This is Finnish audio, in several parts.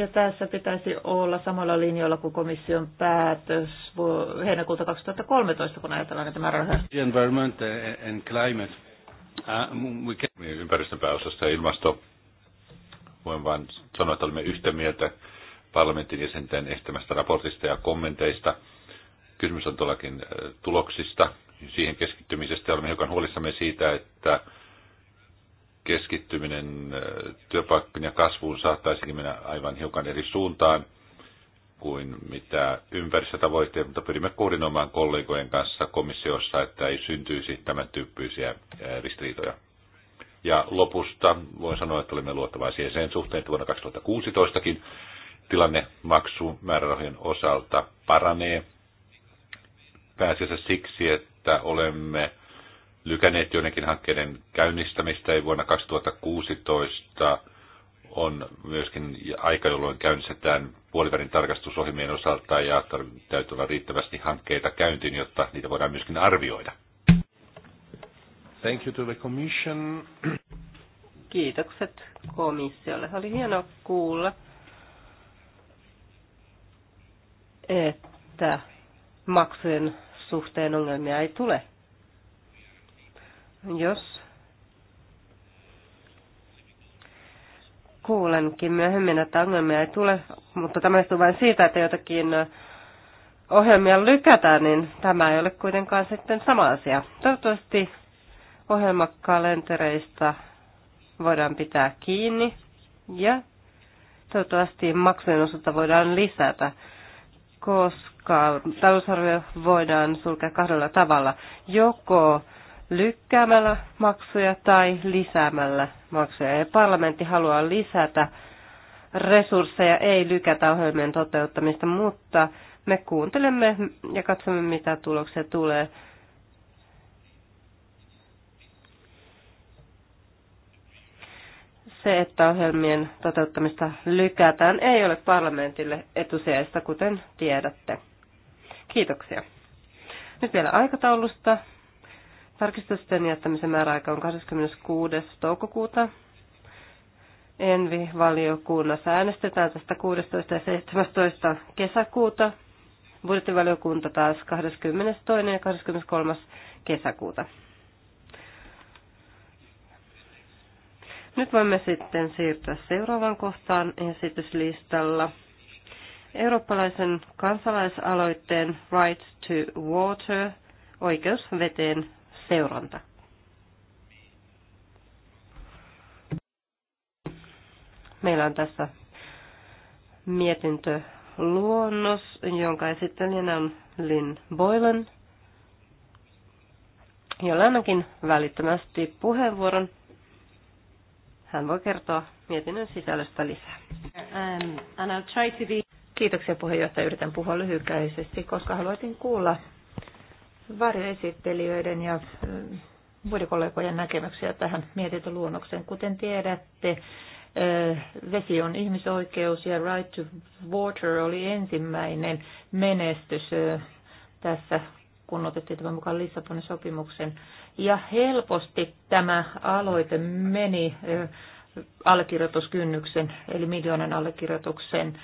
Ja tässä pitäisi olla samalla linjoilla kuin komission päätös heinäkuuta 2013, kun ajatellaan näitä määrärahoja. Environment and climate. Uh, can... Niin, ympäristön pääosasta ja ilmasto. Voin vain sanoa, että olemme yhtä mieltä parlamentin jäsenten estämästä raportista ja kommenteista. Kysymys on tuollakin äh, tuloksista, siihen keskittymisestä. Olemme hiukan huolissamme siitä, että keskittyminen äh, työpaikkojen ja kasvuun saattaisikin mennä aivan hiukan eri suuntaan kuin mitä ympäristötavoitteet, mutta pyrimme koordinoimaan kollegojen kanssa komissiossa, että ei syntyisi tämän tyyppisiä äh, ristiriitoja. Ja lopusta voin sanoa, että olemme luottavaisia sen suhteen, että vuonna 2016kin tilanne maksumäärärahojen osalta paranee. Pääasiassa siksi, että olemme lykäneet joidenkin hankkeiden käynnistämistä. Ja vuonna 2016 on myöskin aika, jolloin käynnistetään puolivälin tarkastusohjelmien osalta ja täytyy olla riittävästi hankkeita käyntiin, jotta niitä voidaan myöskin arvioida. Thank you to the commission. Kiitokset komissiolle. Oli hieno kuulla, että maksujen suhteen ongelmia ei tule. Jos kuulenkin myöhemmin, että ongelmia ei tule, mutta tämä johtuu vain siitä, että jotakin ohjelmia lykätään, niin tämä ei ole kuitenkaan sitten sama asia. Toivottavasti ohjelmakalentereista voidaan pitää kiinni ja toivottavasti maksujen osalta voidaan lisätä, koska talousarvio voidaan sulkea kahdella tavalla. Joko lykkäämällä maksuja tai lisäämällä maksuja. Ja parlamentti haluaa lisätä resursseja, ei lykätä ohjelmien toteuttamista, mutta me kuuntelemme ja katsomme, mitä tuloksia tulee. Se, että ohjelmien toteuttamista lykätään, ei ole parlamentille etusijaista, kuten tiedätte. Kiitoksia. Nyt vielä aikataulusta. Tarkistusten jättämisen määräaika on 26. toukokuuta. Envi-valiokunnassa äänestetään tästä 16. ja 17. kesäkuuta. Budjettivaliokunta taas 22. ja 23. kesäkuuta. Nyt voimme sitten siirtyä seuraavaan kohtaan esityslistalla. Eurooppalaisen kansalaisaloitteen Right to Water, oikeus veteen seuranta. Meillä on tässä mietintö luonnos, jonka esittelijänä on Lynn Boylan, jolla ainakin välittömästi puheenvuoron. Hän voi kertoa mietinnön sisällöstä lisää. Um, and Kiitoksia puheenjohtaja. Yritän puhua lyhykäisesti, koska haluaisin kuulla varjoesittelijöiden ja muiden kollegojen näkemyksiä tähän mietintöluonnokseen. Kuten tiedätte, vesi on ihmisoikeus ja Right to Water oli ensimmäinen menestys tässä, kun otettiin tämän mukaan Lissabonin sopimuksen. Ja helposti tämä aloite meni allekirjoituskynnyksen, eli miljoonan allekirjoituksen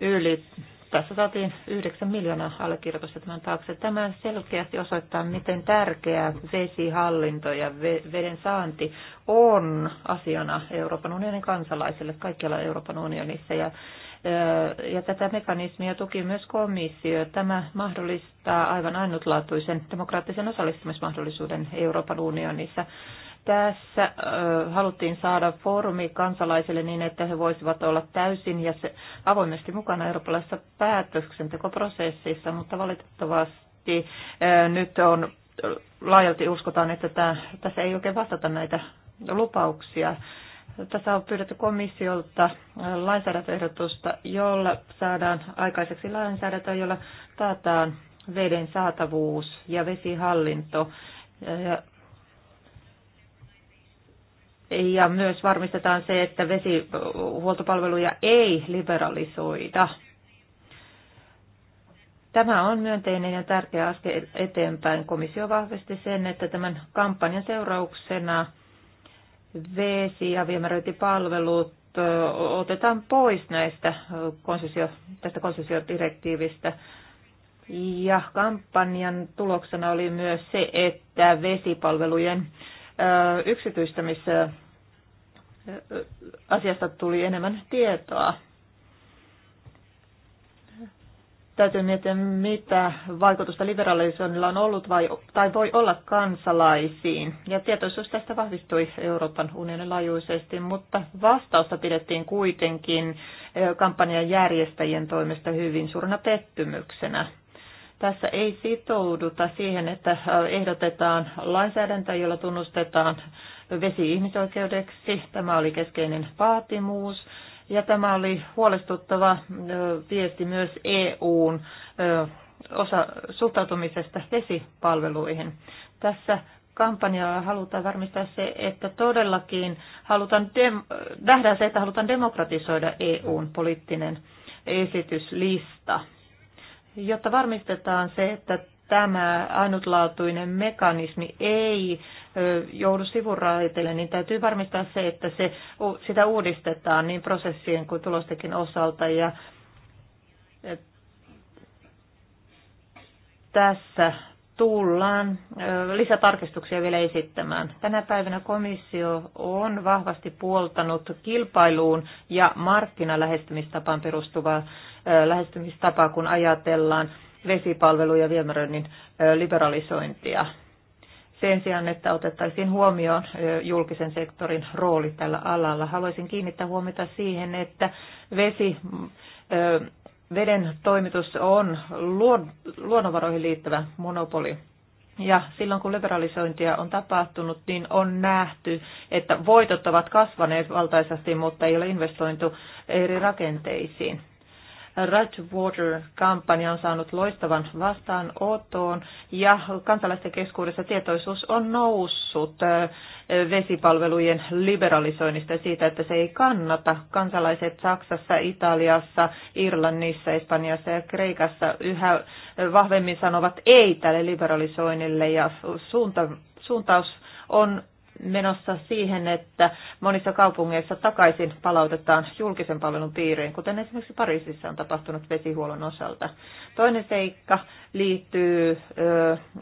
yli tässä saatiin 9 miljoonaa allekirjoitusta tämän taakse. Tämä selkeästi osoittaa, miten tärkeää vesihallinto ja veden saanti on asiana Euroopan unionin kansalaisille kaikkialla Euroopan unionissa. Ja, ja tätä mekanismia tuki myös komissio. Tämä mahdollistaa aivan ainutlaatuisen demokraattisen osallistumismahdollisuuden Euroopan unionissa. Tässä haluttiin saada foorumi kansalaisille niin, että he voisivat olla täysin ja se, avoimesti mukana eurooppalaisessa päätöksentekoprosessissa, mutta valitettavasti nyt on laajalti uskotaan, että tämä, tässä ei oikein vastata näitä lupauksia. Tässä on pyydetty komissiolta lainsäädäntöehdotusta, jolla saadaan aikaiseksi lainsäädäntö, jolla taataan veden saatavuus ja vesihallinto. Ja ja myös varmistetaan se, että vesihuoltopalveluja ei liberalisoida. Tämä on myönteinen ja tärkeä askel eteenpäin. Komissio vahvisti sen, että tämän kampanjan seurauksena vesi- ja viemäröintipalvelut otetaan pois näistä konsensio, tästä konsensiodirektiivistä. Ja kampanjan tuloksena oli myös se, että vesipalvelujen yksityistämis asiasta tuli enemmän tietoa. Täytyy miettiä, mitä vaikutusta liberalisoinnilla on ollut vai, tai voi olla kansalaisiin. Ja tietoisuus tästä vahvistui Euroopan unionin laajuisesti, mutta vastausta pidettiin kuitenkin kampanjan järjestäjien toimesta hyvin suurena pettymyksenä tässä ei sitouduta siihen, että ehdotetaan lainsäädäntöä, jolla tunnustetaan vesi ihmisoikeudeksi. Tämä oli keskeinen vaatimus. Ja tämä oli huolestuttava viesti myös EUn osa suhtautumisesta vesipalveluihin. Tässä kampanjalla halutaan varmistaa se, että todellakin halutaan dem- nähdään se, että halutaan demokratisoida EUn poliittinen esityslista, jotta varmistetaan se, että tämä ainutlaatuinen mekanismi ei joudu sivuraiteille, niin täytyy varmistaa se, että se, sitä uudistetaan niin prosessien kuin tulostekin osalta. Ja tässä tullaan lisätarkistuksia vielä esittämään. Tänä päivänä komissio on vahvasti puoltanut kilpailuun ja markkinalähestymistapaan perustuvaa lähestymistapaa, kun ajatellaan ja viemäröinnin liberalisointia. Sen sijaan, että otettaisiin huomioon julkisen sektorin rooli tällä alalla, haluaisin kiinnittää huomiota siihen, että vesi, veden toimitus on luonnonvaroihin liittyvä monopoli. Ja silloin kun liberalisointia on tapahtunut, niin on nähty, että voitot ovat kasvaneet valtaisesti, mutta ei ole investointu eri rakenteisiin. Red Water-kampanja on saanut loistavan vastaanoton ja kansalaisten keskuudessa tietoisuus on noussut vesipalvelujen liberalisoinnista siitä, että se ei kannata. Kansalaiset Saksassa, Italiassa, Irlannissa, Espanjassa ja Kreikassa yhä vahvemmin sanovat ei tälle liberalisoinnille ja suunta, suuntaus on menossa siihen, että monissa kaupungeissa takaisin palautetaan julkisen palvelun piiriin, kuten esimerkiksi Pariisissa on tapahtunut vesihuollon osalta. Toinen seikka liittyy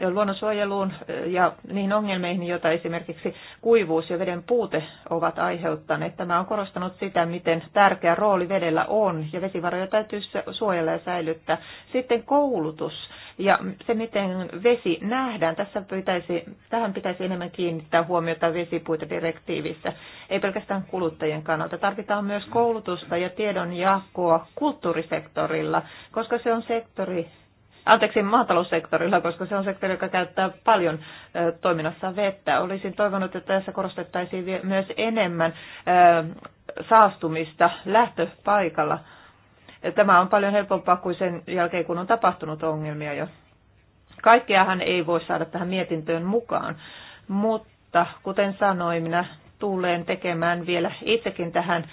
luonnonsuojeluun ja niihin ongelmiin, joita esimerkiksi kuivuus ja veden puute ovat aiheuttaneet. Tämä on korostanut sitä, miten tärkeä rooli vedellä on ja vesivaroja täytyy suojella ja säilyttää. Sitten koulutus ja se, miten vesi nähdään. Tässä pitäisi, tähän pitäisi enemmän kiinnittää huomiota tai vesipuitedirektiivissä. Ei pelkästään kuluttajien kannalta. Tarvitaan myös koulutusta ja tiedon jakoa kulttuurisektorilla, koska se on sektori, anteeksi, maataloussektorilla, koska se on sektori, joka käyttää paljon toiminnassa vettä. Olisin toivonut, että tässä korostettaisiin myös enemmän saastumista lähtöpaikalla. Tämä on paljon helpompaa kuin sen jälkeen, kun on tapahtunut ongelmia jo. Kaikkeahan ei voi saada tähän mietintöön mukaan, mutta mutta kuten sanoin, minä tulen tekemään vielä itsekin tähän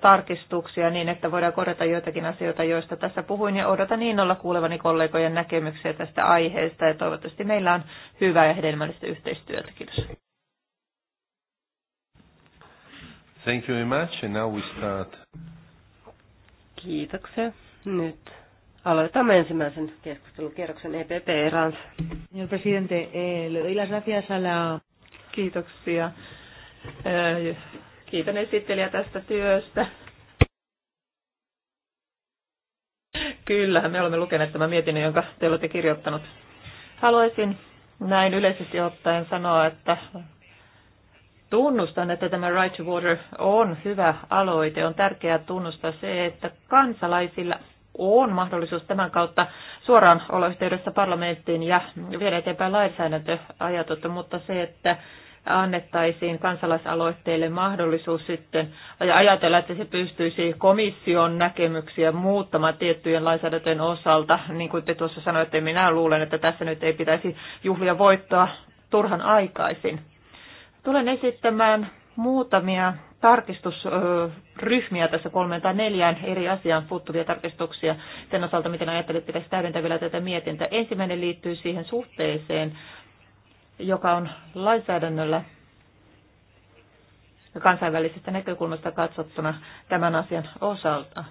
tarkistuksia niin, että voidaan korjata joitakin asioita, joista tässä puhuin ja odotan niin olla kuulevani kollegojen näkemyksiä tästä aiheesta ja toivottavasti meillä on hyvää ja hedelmällistä yhteistyötä. Kiitos. Thank you very much and now we start. Kiitoksia. Nyt aloitamme ensimmäisen keskustelukierroksen EPP Erans. Señor presidente, eh, le doy las gracias a la... Kiitoksia. Kiitän esittelijä tästä työstä. Kyllä, me olemme lukeneet tämän mietinnön, jonka te olette kirjoittanut. Haluaisin näin yleisesti ottaen sanoa, että tunnustan, että tämä Right to Water on hyvä aloite. On tärkeää tunnustaa se, että kansalaisilla on mahdollisuus tämän kautta suoraan olla yhteydessä parlamenttiin ja viedä eteenpäin lainsäädäntöajatusta, mutta se, että annettaisiin kansalaisaloitteille mahdollisuus sitten ajatella, että se pystyisi komission näkemyksiä muuttamaan tiettyjen lainsäädäntöjen osalta. Niin kuin te tuossa sanoitte, minä luulen, että tässä nyt ei pitäisi juhlia voittaa turhan aikaisin. Tulen esittämään muutamia tarkistusryhmiä tässä kolmeen tai neljään eri asiaan puuttuvia tarkistuksia sen osalta, miten että pitäisi täydentää vielä tätä mietintä. Ensimmäinen liittyy siihen suhteeseen, joka on lainsäädännöllä kansainvälisestä näkökulmasta katsottuna tämän asian osalta.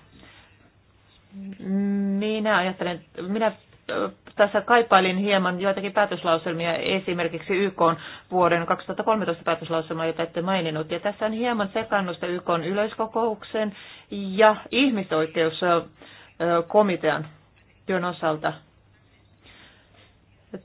Minä ajattelen, minä tässä kaipailin hieman joitakin päätöslauselmia, esimerkiksi YK vuoden 2013 päätöslauselma, jota ette maininnut. Ja tässä on hieman sekannusta YK yleiskokouksen ja ihmisoikeuskomitean työn osalta.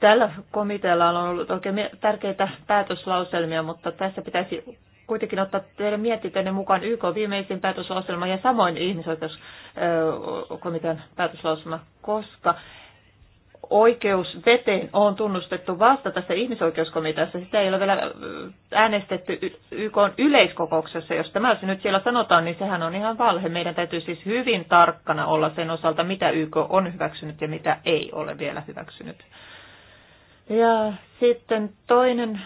Tällä komitealla on ollut oikein tärkeitä päätöslauselmia, mutta tässä pitäisi kuitenkin ottaa teidän mietintönne mukaan YK viimeisin päätöslauselma ja samoin ihmisoikeuskomitean päätöslauselma, koska oikeus veteen on tunnustettu vasta tässä ihmisoikeuskomiteassa. Sitä ei ole vielä äänestetty YK yleiskokouksessa. Jos tämä nyt siellä sanotaan, niin sehän on ihan valhe. Meidän täytyy siis hyvin tarkkana olla sen osalta, mitä YK on hyväksynyt ja mitä ei ole vielä hyväksynyt. Ja sitten toinen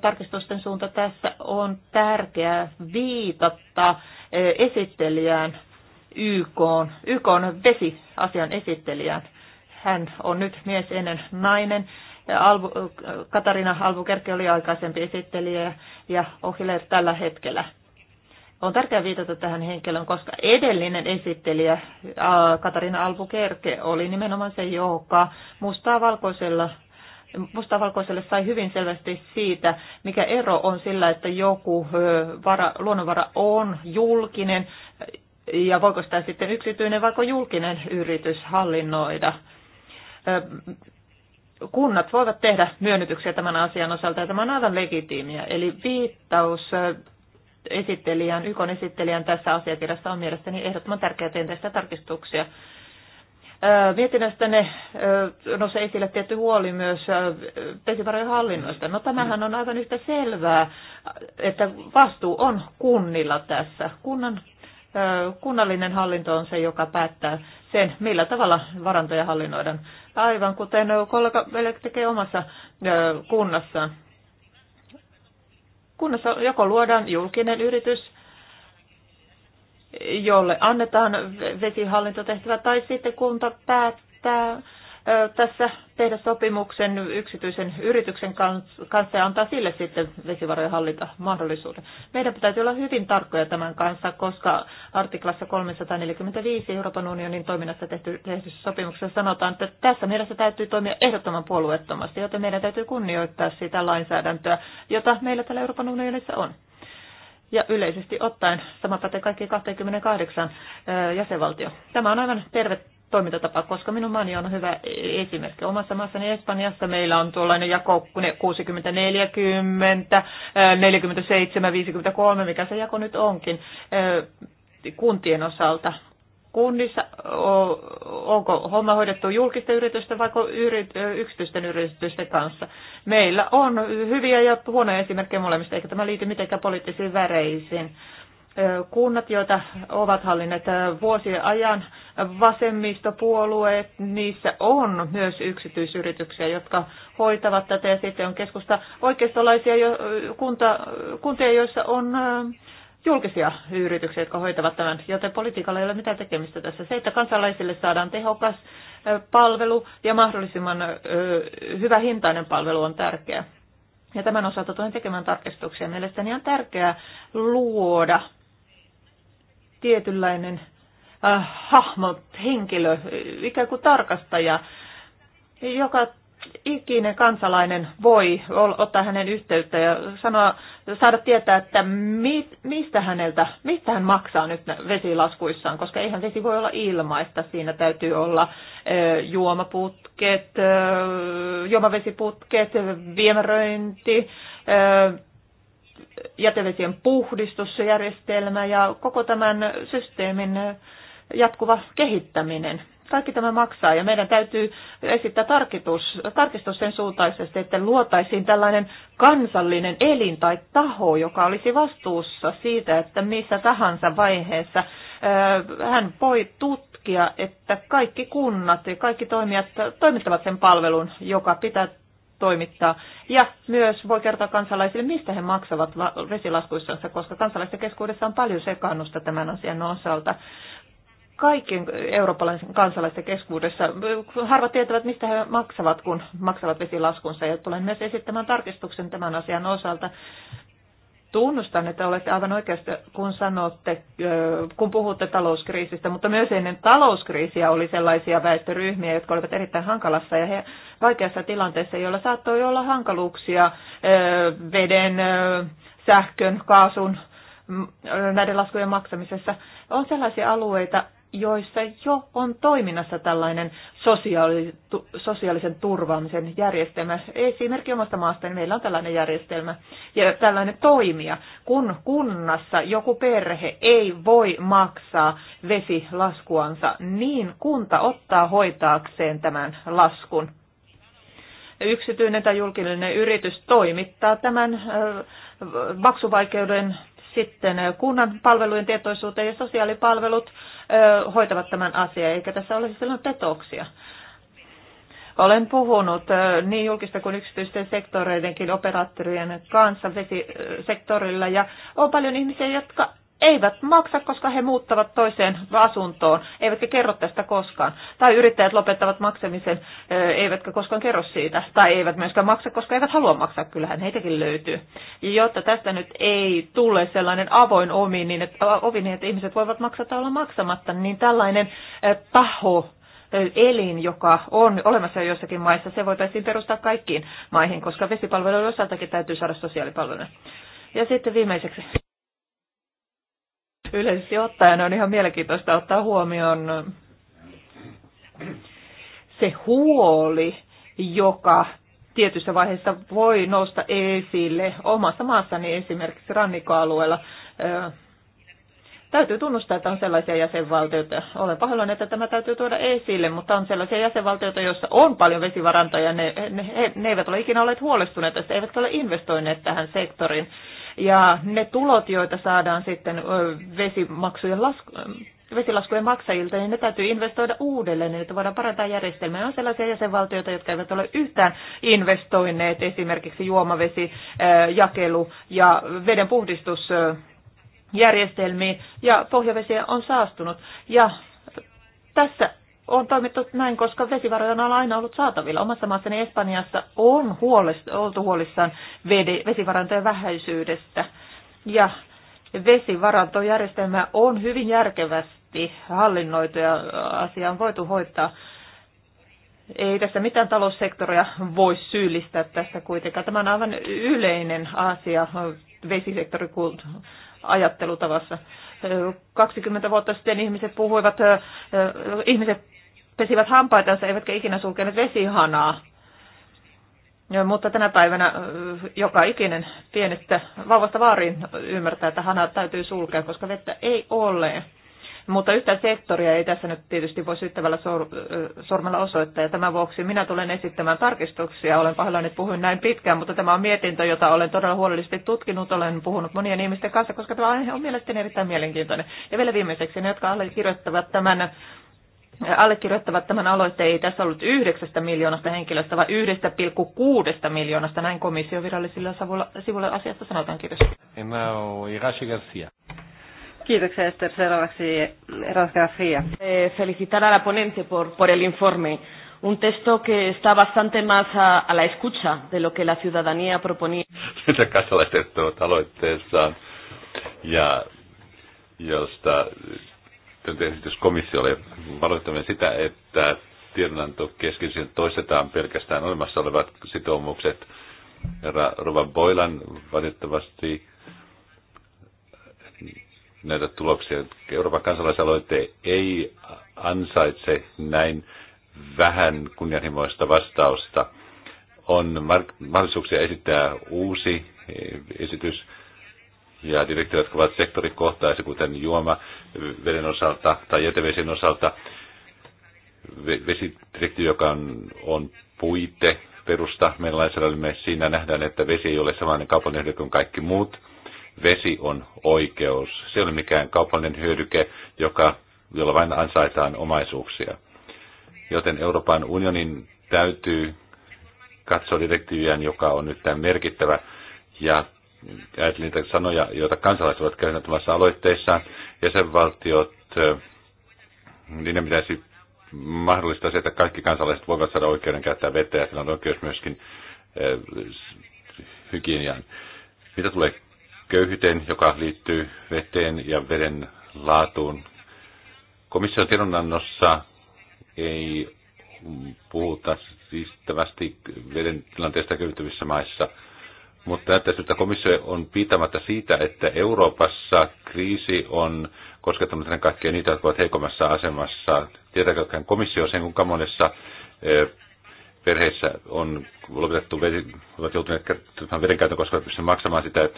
tarkistusten suunta tässä on tärkeää viitata esittelijään YK, YK on vesiasian esittelijään. Hän on nyt mies ennen nainen. Albu, Katarina Albuquerque oli aikaisempi esittelijä ja Ohiler tällä hetkellä. On tärkeää viitata tähän henkilöön, koska edellinen esittelijä Katarina Albuquerque oli nimenomaan se, joka mustaa valkoisella mustavalkoiselle sai hyvin selvästi siitä, mikä ero on sillä, että joku vara, luonnonvara on julkinen ja voiko sitä sitten yksityinen vaikka julkinen yritys hallinnoida kunnat voivat tehdä myönnytyksiä tämän asian osalta, ja tämä on aivan legitiimiä. Eli viittaus esittelijän, YKn esittelijän tässä asiakirjassa on mielestäni ehdottoman tärkeää tehdä sitä tarkistuksia. Mietinnöstä ne nousee esille tietty huoli myös vesivarojen hallinnosta. No tämähän on aivan yhtä selvää, että vastuu on kunnilla tässä. Kunnan, kunnallinen hallinto on se, joka päättää sen, millä tavalla varantoja hallinnoidaan aivan kuten kollega Velek tekee omassa kunnassaan. Kunnassa joko luodaan julkinen yritys, jolle annetaan vesihallintotehtävä, tai sitten kunta päättää tässä tehdä sopimuksen yksityisen yrityksen kanssa ja antaa sille sitten vesivarojen hallinta mahdollisuuden. Meidän pitäisi olla hyvin tarkkoja tämän kanssa, koska artiklassa 345 Euroopan unionin toiminnassa tehty, tehty sopimuksessa sanotaan, että tässä mielessä täytyy toimia ehdottoman puolueettomasti, joten meidän täytyy kunnioittaa sitä lainsäädäntöä, jota meillä täällä Euroopan unionissa on. Ja yleisesti ottaen sama pätee kaikki 28 jäsenvaltio. Tämä on aivan terve toimintatapa, koska minun maani on hyvä esimerkki. Omassa maassani Espanjassa meillä on tuollainen jako 60-40, 47-53, mikä se jako nyt onkin kuntien osalta. Kunnissa onko homma hoidettu julkisten yritysten vai yksityisten yritysten kanssa? Meillä on hyviä ja huonoja esimerkkejä molemmista, eikä tämä liity mitenkään poliittisiin väreisiin kunnat, joita ovat hallinneet vuosien ajan vasemmistopuolueet, niissä on myös yksityisyrityksiä, jotka hoitavat tätä ja sitten on keskusta oikeistolaisia kunta, kuntia, joissa on julkisia yrityksiä, jotka hoitavat tämän, joten politiikalla ei ole mitään tekemistä tässä. Se, että kansalaisille saadaan tehokas palvelu ja mahdollisimman hyvä hintainen palvelu on tärkeää. Ja tämän osalta tulen tekemään tarkistuksia. Mielestäni on tärkeää luoda tietynlainen äh, hahmo, henkilö, ikään kuin tarkastaja, joka ikinen kansalainen voi ottaa hänen yhteyttä ja sanoa, saada tietää, että mi, mistä, häneltä, mistä hän maksaa nyt vesilaskuissaan, koska eihän vesi voi olla ilmaista. Siinä täytyy olla äh, juomaputket, äh, juomavesiputket, viemäröinti, äh, jätevesien puhdistusjärjestelmä ja koko tämän systeemin jatkuva kehittäminen. Kaikki tämä maksaa ja meidän täytyy esittää tarkistus, tarkistus sen suuntaisesti, että luotaisiin tällainen kansallinen elin tai taho, joka olisi vastuussa siitä, että missä tahansa vaiheessa hän voi tutkia, että kaikki kunnat ja kaikki toimijat toimittavat sen palvelun, joka pitää toimittaa. Ja myös voi kertoa kansalaisille, mistä he maksavat vesilaskuissansa, koska kansalaisten keskuudessa on paljon sekannusta tämän asian osalta. Kaikkien eurooppalaisen kansalaisten keskuudessa harvat tietävät, mistä he maksavat, kun maksavat vesilaskunsa. Ja tulen myös esittämään tarkistuksen tämän asian osalta. Tunnustan, että olette aivan oikeassa, kun sanotte, kun puhutte talouskriisistä, mutta myös ennen talouskriisiä oli sellaisia väestöryhmiä, jotka olivat erittäin hankalassa ja he, vaikeassa tilanteessa, joilla saattoi olla hankaluuksia veden, sähkön, kaasun, näiden laskujen maksamisessa. On sellaisia alueita, joissa jo on toiminnassa tällainen sosiaali, sosiaalisen turvaamisen järjestelmä. Esimerkki omasta maasta, niin meillä on tällainen järjestelmä ja tällainen toimija. Kun kunnassa joku perhe ei voi maksaa vesilaskuansa, niin kunta ottaa hoitaakseen tämän laskun. Yksityinen tai julkinen yritys toimittaa tämän maksuvaikeuden sitten kunnan palvelujen tietoisuuteen ja sosiaalipalvelut hoitavat tämän asian, eikä tässä ole silloin petoksia. Olen puhunut niin julkista kuin yksityisten sektoreidenkin operaattorien kanssa vesisektorilla ja on paljon ihmisiä, jotka eivät maksa, koska he muuttavat toiseen asuntoon, eivätkä kerro tästä koskaan. Tai yrittäjät lopettavat maksamisen, eivätkä koskaan kerro siitä. Tai eivät myöskään maksa, koska eivät halua maksaa, kyllähän heitäkin löytyy. Ja jotta tästä nyt ei tule sellainen avoin omi, niin että, ovi, niin että ihmiset voivat maksaa tai olla maksamatta, niin tällainen taho, elin, joka on olemassa jo jossakin maissa, se voitaisiin perustaa kaikkiin maihin, koska vesipalveluiden osaltakin täytyy saada sosiaalipalveluja. Ja sitten viimeiseksi. Yleisesti ottaen on ihan mielenkiintoista ottaa huomioon se huoli, joka tietyssä vaiheessa voi nousta esille omassa maassani esimerkiksi rannikkoalueella. Täytyy tunnustaa, että on sellaisia jäsenvaltioita, olen pahoillani, että tämä täytyy tuoda esille, mutta on sellaisia jäsenvaltioita, joissa on paljon vesivarantoja, ne, ne, ne eivät ole ikinä olleet huolestuneet tästä, eivät ole investoineet tähän sektoriin. Ja ne tulot, joita saadaan sitten vesimaksujen lasku, vesilaskujen maksajilta, niin ne täytyy investoida uudelleen, niin että voidaan parantaa järjestelmää. On sellaisia jäsenvaltioita, jotka eivät ole yhtään investoineet esimerkiksi juomavesi, jakelu ja veden puhdistusjärjestelmiin, ja pohjavesiä on saastunut. Ja tässä on toimittu näin, koska vesivaroja on aina ollut saatavilla. Omassa maassani Espanjassa on huolest, oltu huolissaan vesivarantojen vähäisyydestä. Ja vesivarantojärjestelmä on hyvin järkevästi hallinnoitu ja asia on voitu hoitaa. Ei tässä mitään taloussektoria voi syyllistää tässä kuitenkaan. Tämä on aivan yleinen asia vesisektori ajattelutavassa. 20 vuotta sitten ihmiset puhuivat, ihmiset pesivät hampaitansa eivätkä ikinä sulkeneet vesihanaa. Ja, mutta tänä päivänä joka ikinen pienestä vauvasta vaariin ymmärtää, että hana täytyy sulkea, koska vettä ei ole. Mutta yhtä sektoria ei tässä nyt tietysti voi syyttävällä sor- sormella osoittaa. Ja tämän vuoksi minä tulen esittämään tarkistuksia. Olen pahoillani, että puhuin näin pitkään, mutta tämä on mietintö, jota olen todella huolellisesti tutkinut. Olen puhunut monien ihmisten kanssa, koska tämä aihe on mielestäni erittäin mielenkiintoinen. Ja vielä viimeiseksi ne, jotka allekirjoittavat tämän allekirjoittavat tämän aloitteen ei tässä ollut yhdeksästä miljoonasta henkilöstä, vaan 1,6 miljoonasta. Näin komission virallisilla sivuilla asiasta sanotaan. Kiitos. Kiitoksia Ester. Seuraavaksi Eras Garcia. Eh, felicitar a la ponente por, por el informe. Un texto que está bastante más a, a la escucha de lo que la ciudadanía proponía. Mitä kansalaiset aloitteessaan ja josta esitys komissiolle varoittaminen sitä, että tiedonanto keskisin toistetaan pelkästään olemassa olevat sitoumukset. Herra Rovan Boilan valitettavasti näitä tuloksia. Euroopan kansalaisaloite ei ansaitse näin vähän kunnianhimoista vastausta. On mahdollisuuksia esittää uusi esitys ja direktiivit, jotka ovat sektorikohtaisia, kuten veden osalta tai jätevesien osalta, vesidirektiivi, joka on, on puite, perusta meidän lainsäädännölle, siinä nähdään, että vesi ei ole samanlainen kaupallinen hyödyke kuin kaikki muut. Vesi on oikeus. Se ei ole mikään kaupallinen hyödyke, joka, jolla vain ansaitaan omaisuuksia. Joten Euroopan unionin täytyy katsoa direktiiviä, joka on nyt tämän merkittävä, ja ajattelin niitä sanoja, joita kansalaiset ovat käyneet omassa aloitteissaan. jäsenvaltiot, eh, niin ne pitäisi mahdollistaa se, että kaikki kansalaiset voivat saada oikeuden käyttää vettä ja sillä on oikeus myöskin eh, hygieniaan. Mitä tulee köyhyyteen, joka liittyy veteen ja veden laatuun? Komission tiedonannossa ei puhuta siistävästi veden tilanteesta köyhtyvissä maissa – mutta näyttäisi, että komissio on pitämättä siitä, että Euroopassa kriisi on koskettanut ennen kaikkea niitä, jotka ovat heikommassa asemassa. Tietääkö komissio sen, kuinka monessa e, perheessä on lopetettu, ovat joutuneet kertomaan vedenkäytön, koska ovat pystyneet maksamaan sitä.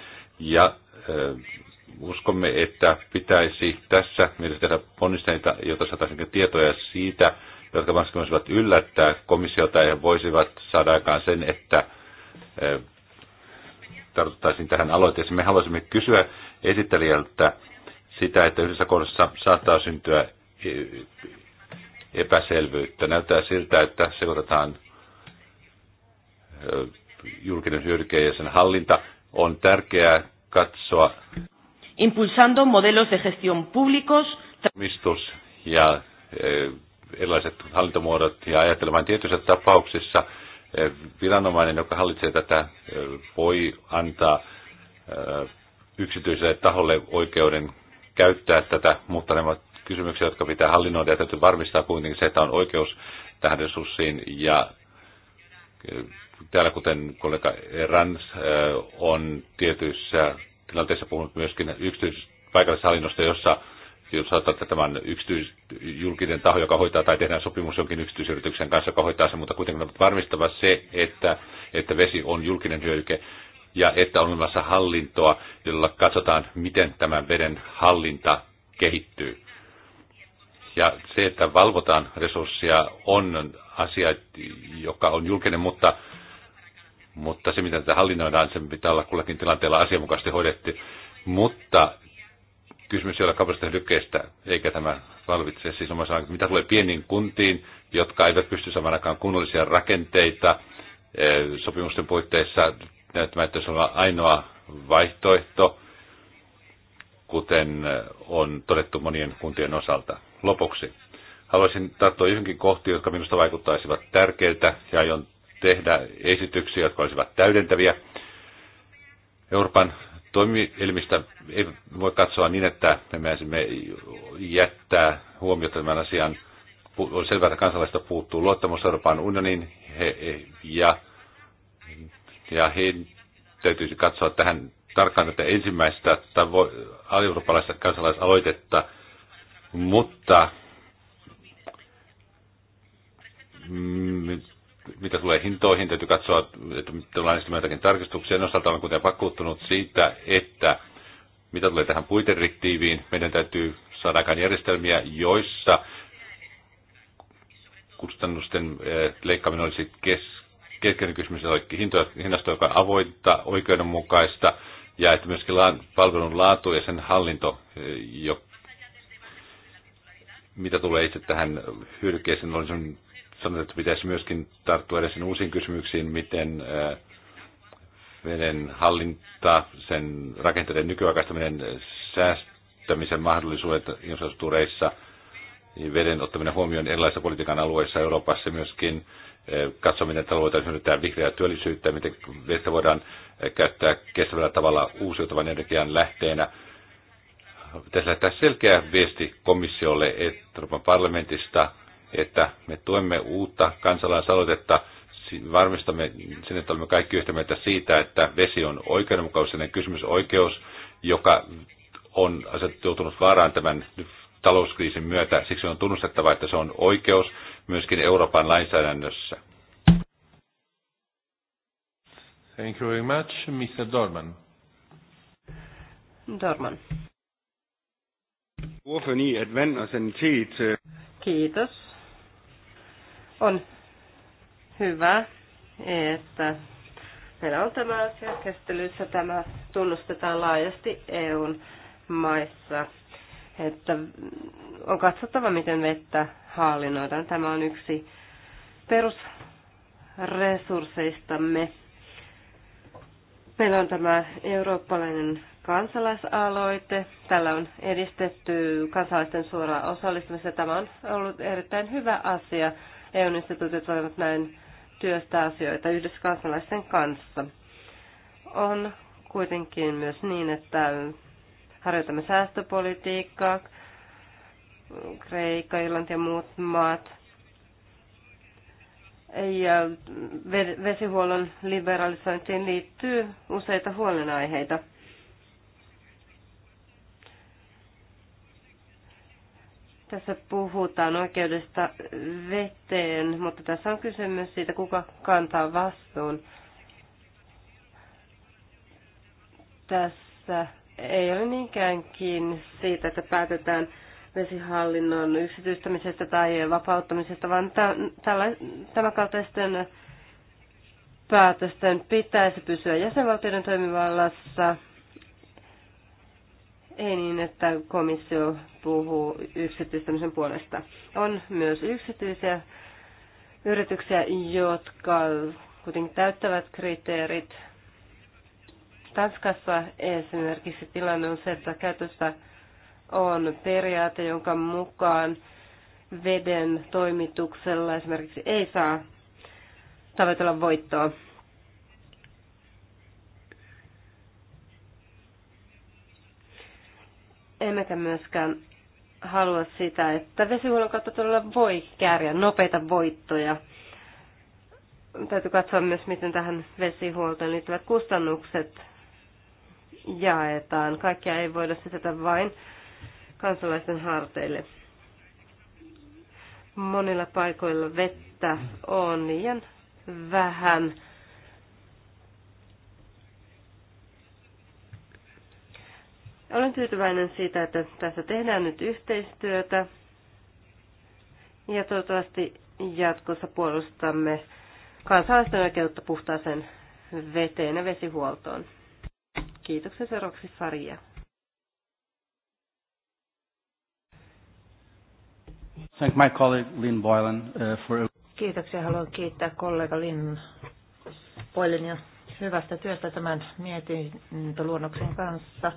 Ja e, uskomme, että pitäisi tässä mielessä tehdä ponnisteita, jotta saataisiin tietoja siitä, jotka varsinkin voisivat yllättää komissiota ja voisivat saada aikaan sen, että e, tartuttaisiin tähän aloitteeseen. Me haluaisimme kysyä esittelijältä sitä, että yhdessä kohdassa saattaa syntyä e, epäselvyyttä. Näyttää siltä, että seurataan julkinen hyödyke ja sen hallinta. On tärkeää katsoa impulsando modelos de gestión públicos. Omistus ja erilaiset hallintomuodot ja ajattelemaan tietyissä tapauksissa – Eh, viranomainen, joka hallitsee tätä, eh, voi antaa eh, yksityiselle taholle oikeuden käyttää tätä, mutta nämä kysymyksiä, jotka pitää hallinnoida ja täytyy varmistaa kuitenkin se, että on oikeus tähän resurssiin ja täällä kuten kollega Rans on tietyissä tilanteissa puhunut myöskin yksityis- paikallishallinnosta, jossa jos saattaa, että tämän yksityis, julkinen taho, joka hoitaa tai tehdään sopimus jonkin yksityisyrityksen kanssa, joka hoitaa sen, mutta kuitenkin on varmistava se, että, että vesi on julkinen hyödyke ja että on olemassa hallintoa, jolla katsotaan, miten tämän veden hallinta kehittyy. Ja se, että valvotaan resursseja, on asia, joka on julkinen, mutta, mutta se, mitä tätä hallinnoidaan, sen pitää olla kullakin tilanteella asianmukaisesti hoidettu. Mutta kysymys ei ole kapasiteettihykkeestä, eikä tämä valvitse siis omassa mitä tulee pieniin kuntiin, jotka eivät pysty aikaan kunnollisia rakenteita eh, sopimusten puitteissa se on ainoa vaihtoehto, kuten eh, on todettu monien kuntien osalta. Lopuksi haluaisin tarttua johonkin kohtiin, jotka minusta vaikuttaisivat tärkeiltä ja aion tehdä esityksiä, jotka olisivat täydentäviä. Euroopan toimielimistä ei voi katsoa niin, että me menisimme jättää huomiota tämän asian. On selvää, että kansalaista puuttuu luottamus Euroopan unionin he, he, ja, ja he täytyisi katsoa tähän tarkkaan tätä ensimmäistä alieurooppalaista kansalaisaloitetta, mutta mm, mitä tulee hintoihin, täytyy katsoa, että tullaan esittämään jotakin tarkistuksia. En osalta olen kuitenkin vakuuttunut siitä, että mitä tulee tähän puiterektiiviin, meidän täytyy saada aikaan järjestelmiä, joissa kustannusten eh, leikkaaminen olisi kes- keskeinen kysymys, hinnasto, joka on avointa, oikeudenmukaista, ja että myöskin palvelun laatu ja sen hallinto, eh, jo, mitä tulee itse tähän hylkeeseen, niin olisi sanotaan, että pitäisi myöskin tarttua edes uusiin kysymyksiin, miten äh, veden hallinta, sen rakenteiden nykyaikaistaminen, säästämisen mahdollisuudet infrastruktuureissa, niin veden ottaminen huomioon erilaisissa politiikan alueissa Euroopassa myöskin, äh, katsominen taloutta, hyödyntää vihreää työllisyyttä, miten vettä voidaan äh, käyttää kestävällä tavalla uusiutuvan energian lähteenä. Tässä lähtee selkeä viesti komissiolle Euroopan parlamentista että me tuemme uutta kansalaisaloitetta, varmistamme sen, että olemme kaikki yhtä mieltä siitä, että vesi on oikeudenmukaisuuden kysymysoikeus, joka on asettunut vaaraan tämän talouskriisin myötä. Siksi on tunnustettava, että se on oikeus myöskin Euroopan lainsäädännössä. Thank you very much, Mr. Dorman. Dorman. Øh. Kiitos on hyvä, että meillä on tämä asia käsittelyssä. Tämä tunnustetaan laajasti EUn maissa, että on katsottava, miten vettä hallinnoidaan. Tämä on yksi perusresursseistamme. Meillä on tämä eurooppalainen kansalaisaloite. Tällä on edistetty kansalaisten suoraa osallistumista. Tämä on ollut erittäin hyvä asia EUn instituutiot voivat näin työstää asioita yhdessä kansalaisten kanssa. On kuitenkin myös niin, että harjoitamme säästöpolitiikkaa, Kreikka, Irlanti ja muut maat. Ja vesihuollon liberalisointiin liittyy useita huolenaiheita. Tässä puhutaan oikeudesta veteen, mutta tässä on kysymys siitä, kuka kantaa vastuun. Tässä ei ole niinkään kiinni siitä, että päätetään vesihallinnon yksityistämisestä tai vapauttamisesta, vaan tämän kaltaisten päätösten pitäisi pysyä jäsenvaltioiden toimivallassa – ei niin, että komissio puhuu yksityistämisen puolesta. On myös yksityisiä yrityksiä, jotka kuitenkin täyttävät kriteerit. Tanskassa esimerkiksi tilanne on se, että käytössä on periaate, jonka mukaan veden toimituksella esimerkiksi ei saa tavoitella voittoa. Emmekä myöskään halua sitä, että vesihuollon kautta todella voi kääriä nopeita voittoja. Täytyy katsoa myös, miten tähän vesihuoltoon liittyvät kustannukset jaetaan. Kaikkia ei voida sysätä vain kansalaisten harteille. Monilla paikoilla vettä on liian vähän Olen tyytyväinen siitä, että tässä tehdään nyt yhteistyötä ja toivottavasti jatkossa puolustamme kansalaisten oikeutta puhtaaseen veteen ja vesihuoltoon. Kiitoksia seuraavaksi Faria. Thank my colleague Lynn Boylan uh, for... Kiitoksia. Haluan kiittää kollega Lynn ja hyvästä työstä tämän mietintöluonnoksen kanssa.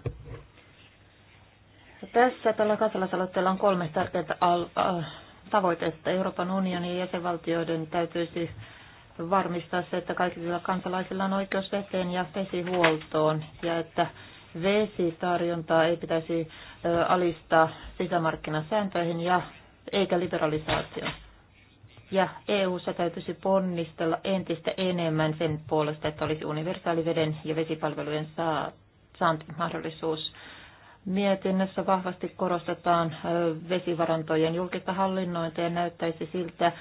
Tässä tällä kansalaisaloitteella on kolme tärkeää äh, tavoitetta. Euroopan unionin ja jäsenvaltioiden täytyisi varmistaa se, että kaikilla kansalaisilla on oikeus veteen ja vesihuoltoon ja että vesitarjontaa ei pitäisi alistaa sisämarkkinasääntöihin ja eikä liberalisaatioon. Ja EU-ssa täytyisi ponnistella entistä enemmän sen puolesta, että olisi universaali veden ja vesipalvelujen saantimahdollisuus. mahdollisuus Mietinnössä vahvasti korostetaan vesivarantojen julkista hallinnointia ja näyttäisi siltä,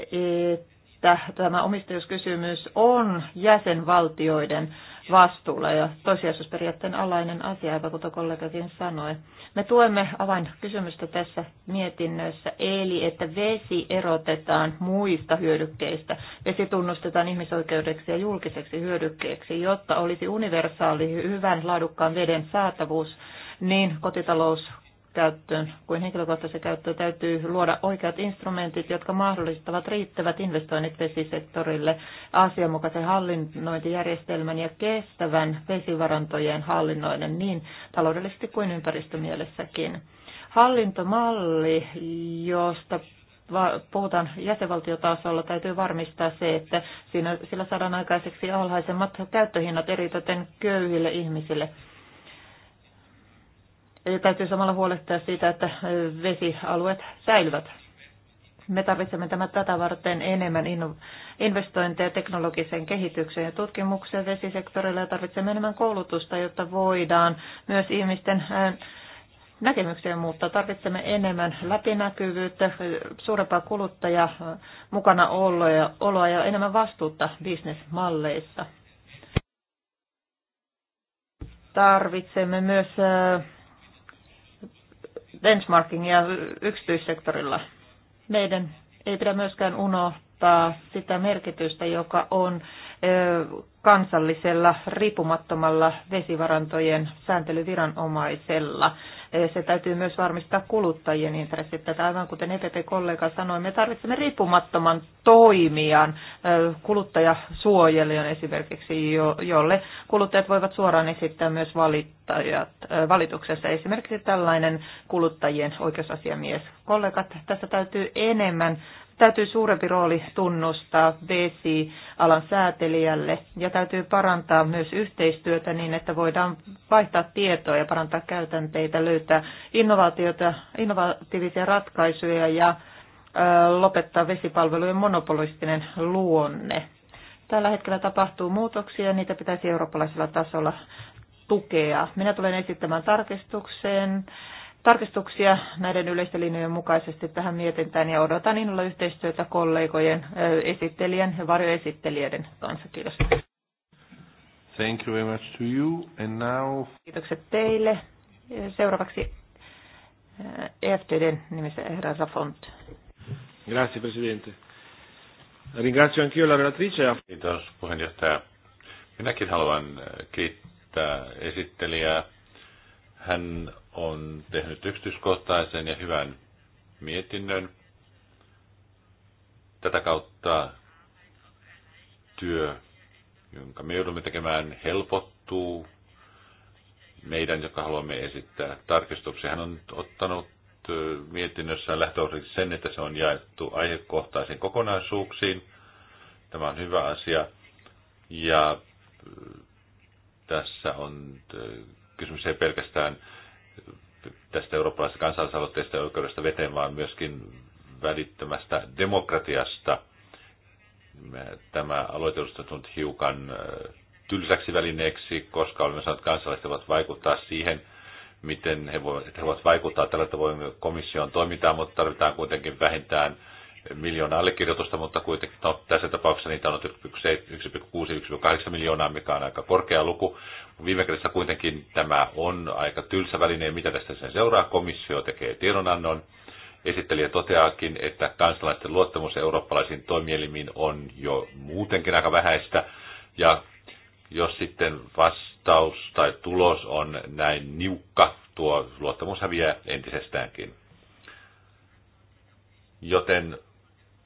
että tämä omistajuuskysymys on jäsenvaltioiden vastuulla ja tosiasiusperiaatteen alainen asia, aivan kuten kollegakin sanoi. Me tuemme avainkysymystä tässä mietinnössä, eli että vesi erotetaan muista hyödykkeistä. Vesi tunnustetaan ihmisoikeudeksi ja julkiseksi hyödykkeeksi, jotta olisi universaali hyvän laadukkaan veden saatavuus niin kotitalous käyttöön kuin henkilökohtaisen käyttöön täytyy luoda oikeat instrumentit, jotka mahdollistavat riittävät investoinnit vesisektorille, asianmukaisen hallinnointijärjestelmän ja kestävän vesivarantojen hallinnoinen niin taloudellisesti kuin ympäristömielessäkin. Hallintomalli, josta puhutaan jäsenvaltiotasolla, täytyy varmistaa se, että siinä, sillä saadaan aikaiseksi alhaisemmat käyttöhinnat eritoten köyhille ihmisille – ja täytyy samalla huolehtia siitä, että vesialueet säilyvät. Me tarvitsemme tämän tätä varten enemmän investointeja teknologiseen kehitykseen ja tutkimukseen vesisektorilla ja tarvitsemme enemmän koulutusta, jotta voidaan myös ihmisten näkemyksiä muuttaa. Tarvitsemme enemmän läpinäkyvyyttä, suurempaa kuluttaja mukana oloa ja enemmän vastuutta bisnesmalleissa. Tarvitsemme myös benchmarkingia yksityissektorilla. Meidän ei pidä myöskään unohtaa sitä merkitystä, joka on kansallisella riippumattomalla vesivarantojen sääntelyviranomaisella. Se täytyy myös varmistaa kuluttajien intressit. Tätä aivan kuten EPP-kollega sanoi, me tarvitsemme riippumattoman toimijan, kuluttajasuojelijan esimerkiksi, jolle kuluttajat voivat suoraan esittää myös valittajat, valituksessa. Esimerkiksi tällainen kuluttajien oikeusasiamies. Kollegat, tässä täytyy enemmän täytyy suurempi rooli tunnustaa vesialan säätelijälle ja täytyy parantaa myös yhteistyötä niin, että voidaan vaihtaa tietoa ja parantaa käytänteitä, löytää innovaatioita, innovatiivisia ratkaisuja ja lopettaa vesipalvelujen monopolistinen luonne. Tällä hetkellä tapahtuu muutoksia ja niitä pitäisi eurooppalaisella tasolla tukea. Minä tulen esittämään tarkistukseen tarkistuksia näiden yleisten linjojen mukaisesti tähän mietintään ja odotan innolla yhteistyötä kollegojen, esittelijän ja varjoesittelijöiden kanssa. Kiitos. Thank you very much to you. And now... Kiitokset teille. Seuraavaksi EFTDn nimissä Ehra Zafont. Grazie, Presidente. Ringrazio anch'io la relatrice. Kiitos, puheenjohtaja. Minäkin haluan kiittää esittelijää hän on tehnyt yksityiskohtaisen ja hyvän mietinnön. Tätä kautta työ, jonka me joudumme tekemään, helpottuu meidän, joka haluamme esittää tarkistuksia. Hän on ottanut mietinnössään lähtöosiksi sen, että se on jaettu aihekohtaisiin kokonaisuuksiin. Tämä on hyvä asia. Ja tässä on kysymys ei pelkästään tästä eurooppalaisesta kansallisaloitteesta ja oikeudesta veteen, vaan myöskin välittömästä demokratiasta. Tämä aloite on tullut hiukan tylsäksi välineeksi, koska olemme saaneet kansalaiset voivat vaikuttaa siihen, miten he voivat, he voivat vaikuttaa tällä tavoin komission toimintaan, mutta tarvitaan kuitenkin vähintään miljoonaa allekirjoitusta, mutta kuitenkin no, tässä tapauksessa niitä on 1,6-1,8 miljoonaa, mikä on aika korkea luku. Viime kädessä kuitenkin tämä on aika tylsä väline, mitä tästä sen seuraa. Komissio tekee tiedonannon. Esittelijä toteaakin, että kansalaisten luottamus eurooppalaisiin toimielimiin on jo muutenkin aika vähäistä, ja jos sitten vastaus tai tulos on näin niukka, tuo luottamus häviää entisestäänkin. Joten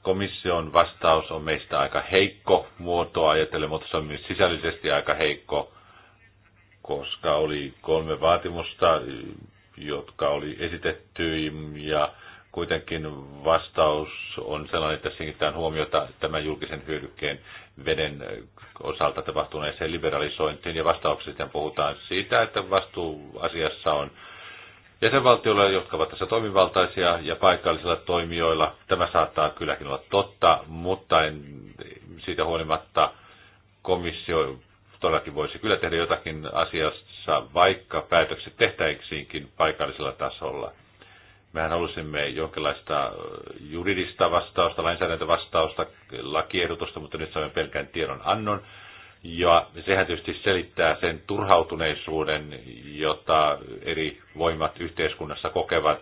komission vastaus on meistä aika heikko muotoa ajatellen, mutta se on myös sisällisesti aika heikko, koska oli kolme vaatimusta, jotka oli esitetty ja kuitenkin vastaus on sellainen, että kiinnitetään huomiota tämän julkisen hyödykkeen veden osalta tapahtuneeseen liberalisointiin ja vastauksessa puhutaan siitä, että vastuu asiassa on jäsenvaltioilla, jotka ovat tässä toimivaltaisia, ja paikallisilla toimijoilla. Tämä saattaa kylläkin olla totta, mutta en, siitä huolimatta komissio todellakin voisi kyllä tehdä jotakin asiassa, vaikka päätökset tehtäisiinkin paikallisella tasolla. Mehän halusimme jonkinlaista juridista vastausta, lainsäädäntövastausta, lakiehdotusta, mutta nyt saamme pelkän tiedon annon. Ja sehän tietysti selittää sen turhautuneisuuden, jota eri voimat yhteiskunnassa kokevat,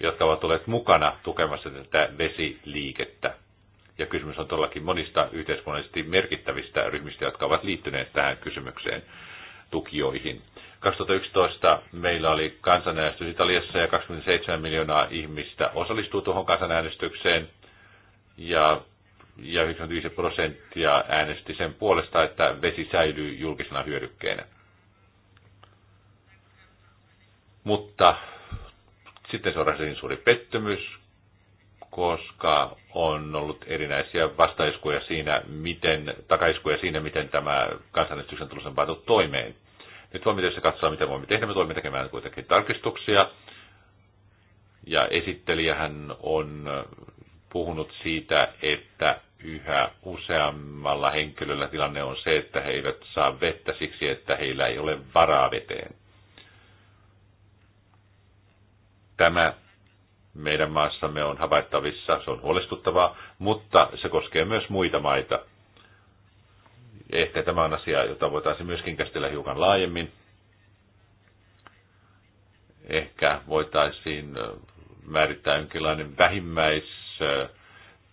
jotka ovat olleet mukana tukemassa tätä vesiliikettä. Ja kysymys on todellakin monista yhteiskunnallisesti merkittävistä ryhmistä, jotka ovat liittyneet tähän kysymykseen tukioihin. 2011 meillä oli kansanäänestys Italiassa ja 27 miljoonaa ihmistä osallistuu tuohon kansanäänestykseen. Ja ja 95 prosenttia äänesti sen puolesta, että vesi säilyy julkisena hyödykkeenä. Mutta sitten se on rasismin suuri pettymys, koska on ollut erinäisiä vastaiskuja siinä, miten, takaiskuja siinä, miten tämä kansanäänestyksen tulos on pantu toimeen. Nyt voimme tietysti katsoa, mitä voimme tehdä. Me voimme tekemään kuitenkin tarkistuksia. Ja esittelijähän on puhunut siitä, että yhä useammalla henkilöllä tilanne on se, että he eivät saa vettä siksi, että heillä ei ole varaa veteen. Tämä meidän maassamme on havaittavissa, se on huolestuttavaa, mutta se koskee myös muita maita. Ehkä tämä on asia, jota voitaisiin myöskin käsitellä hiukan laajemmin. Ehkä voitaisiin äh, määrittää jonkinlainen vähimmäis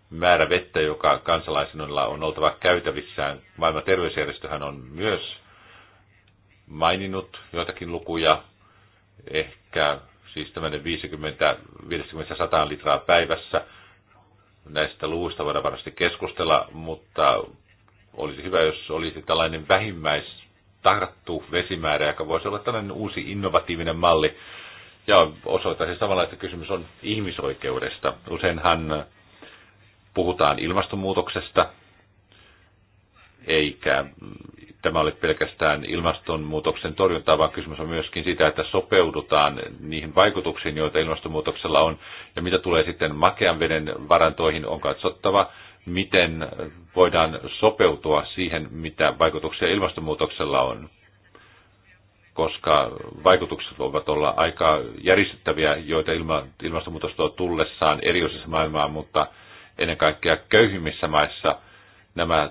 määrä vettä, joka kansalaisilla on oltava käytävissään. Maailman terveysjärjestöhän on myös maininnut joitakin lukuja, ehkä siis tämmöinen 50-100 litraa päivässä. Näistä luvuista voidaan varmasti keskustella, mutta olisi hyvä, jos olisi tällainen vähimmäis vesimäärä, joka voisi olla tällainen uusi innovatiivinen malli, ja osoittaisin siis samalla, että kysymys on ihmisoikeudesta. Useinhan äh, puhutaan ilmastonmuutoksesta, eikä mm, tämä ole pelkästään ilmastonmuutoksen torjuntaa, vaan kysymys on myöskin sitä, että sopeudutaan niihin vaikutuksiin, joita ilmastonmuutoksella on. Ja mitä tulee sitten makean veden varantoihin, on katsottava, miten voidaan sopeutua siihen, mitä vaikutuksia ilmastonmuutoksella on koska vaikutukset voivat olla aika järistyttäviä, joita ilma, ilmastonmuutos tuo tullessaan eri osissa maailmaa, mutta ennen kaikkea köyhimmissä maissa nämä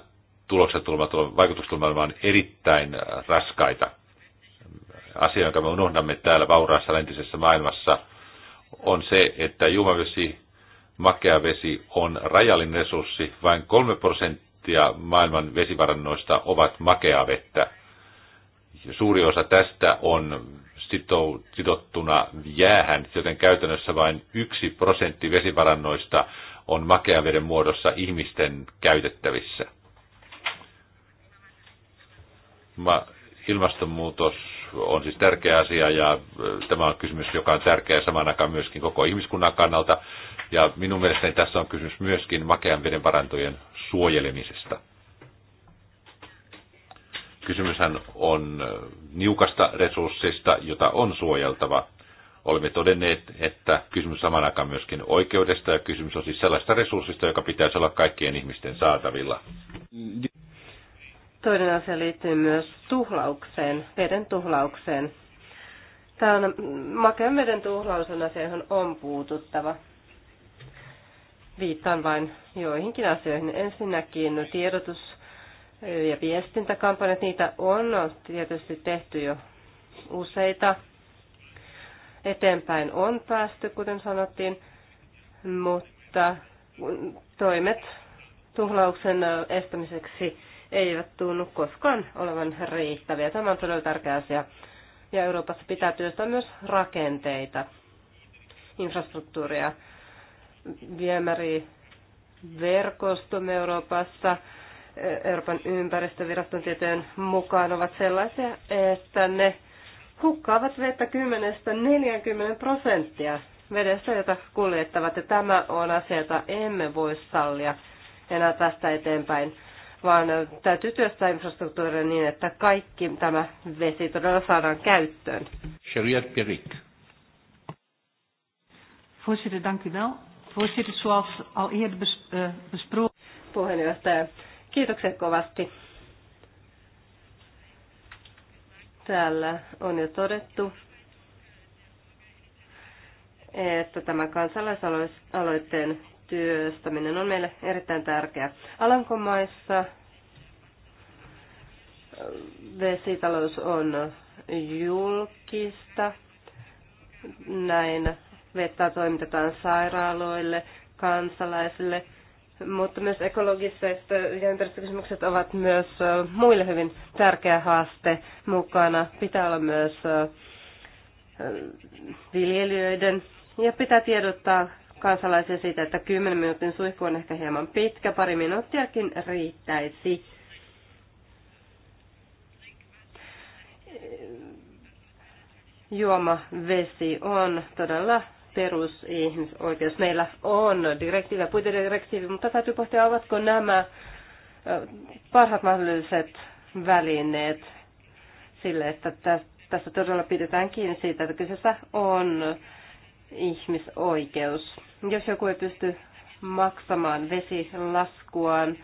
tulokset tulevat, vaikutukset olemaan erittäin raskaita. Asia, jonka me unohdamme täällä vauraassa läntisessä maailmassa, on se, että juomavesi, makea vesi on rajallinen resurssi. Vain kolme prosenttia maailman vesivarannoista ovat makeaa vettä suuri osa tästä on sitottuna jäähän, joten käytännössä vain yksi prosentti vesivarannoista on makeaveden muodossa ihmisten käytettävissä. Ma- ilmastonmuutos on siis tärkeä asia ja äh, tämä on kysymys, joka on tärkeä saman aikaan myöskin koko ihmiskunnan kannalta. Ja minun mielestäni tässä on kysymys myöskin makean veden varantojen suojelemisesta. Kysymyshän on niukasta resurssista, jota on suojeltava. Olemme todenneet, että kysymys saman aikaan myöskin oikeudesta ja kysymys on siis sellaista resurssista, joka pitäisi olla kaikkien ihmisten saatavilla. Toinen asia liittyy myös tuhlaukseen, veden tuhlaukseen. Tämä on, makean veden tuhlaus on asia, johon on puututtava. Viittaan vain joihinkin asioihin. Ensinnäkin tiedotus ja viestintäkampanjat, niitä on tietysti tehty jo useita. Eteenpäin on päästy, kuten sanottiin, mutta toimet tuhlauksen estämiseksi eivät tunnu koskaan olevan riittäviä. Tämä on todella tärkeä asia. Ja Euroopassa pitää työstää myös rakenteita, infrastruktuuria, viemäriverkostomme Euroopassa – Euroopan ympäristöviraston tietojen mukaan ovat sellaisia, että ne hukkaavat vettä 10-40 prosenttia vedestä, jota kuljettavat. Ja tämä on asia, jota emme voi sallia enää tästä eteenpäin, vaan täytyy työstää infrastruktuuria niin, että kaikki tämä vesi todella saadaan käyttöön. Sharia Pirik. Voorzitter, dank u zoals al eerder eh, besproken. Puheenjohtaja, Kiitoksia kovasti. Täällä on jo todettu, että tämä kansalaisaloitteen työstäminen on meille erittäin tärkeää. Alankomaissa vesitalous on julkista. Näin vettä toimitetaan sairaaloille, kansalaisille – mutta myös ekologiset ja ympäristökysymykset ovat myös muille hyvin tärkeä haaste mukana. Pitää olla myös viljelijöiden ja pitää tiedottaa kansalaisia siitä, että 10 minuutin suihku on ehkä hieman pitkä, pari minuuttiakin riittäisi. Juoma vesi on todella perusihmisoikeus. Meillä on direktiivi ja puitedirektiivi, mutta täytyy pohtia, ovatko nämä parhaat mahdolliset välineet sille, että tässä todella pidetään kiinni siitä, että kyseessä on ihmisoikeus. Jos joku ei pysty maksamaan vesilaskuaan,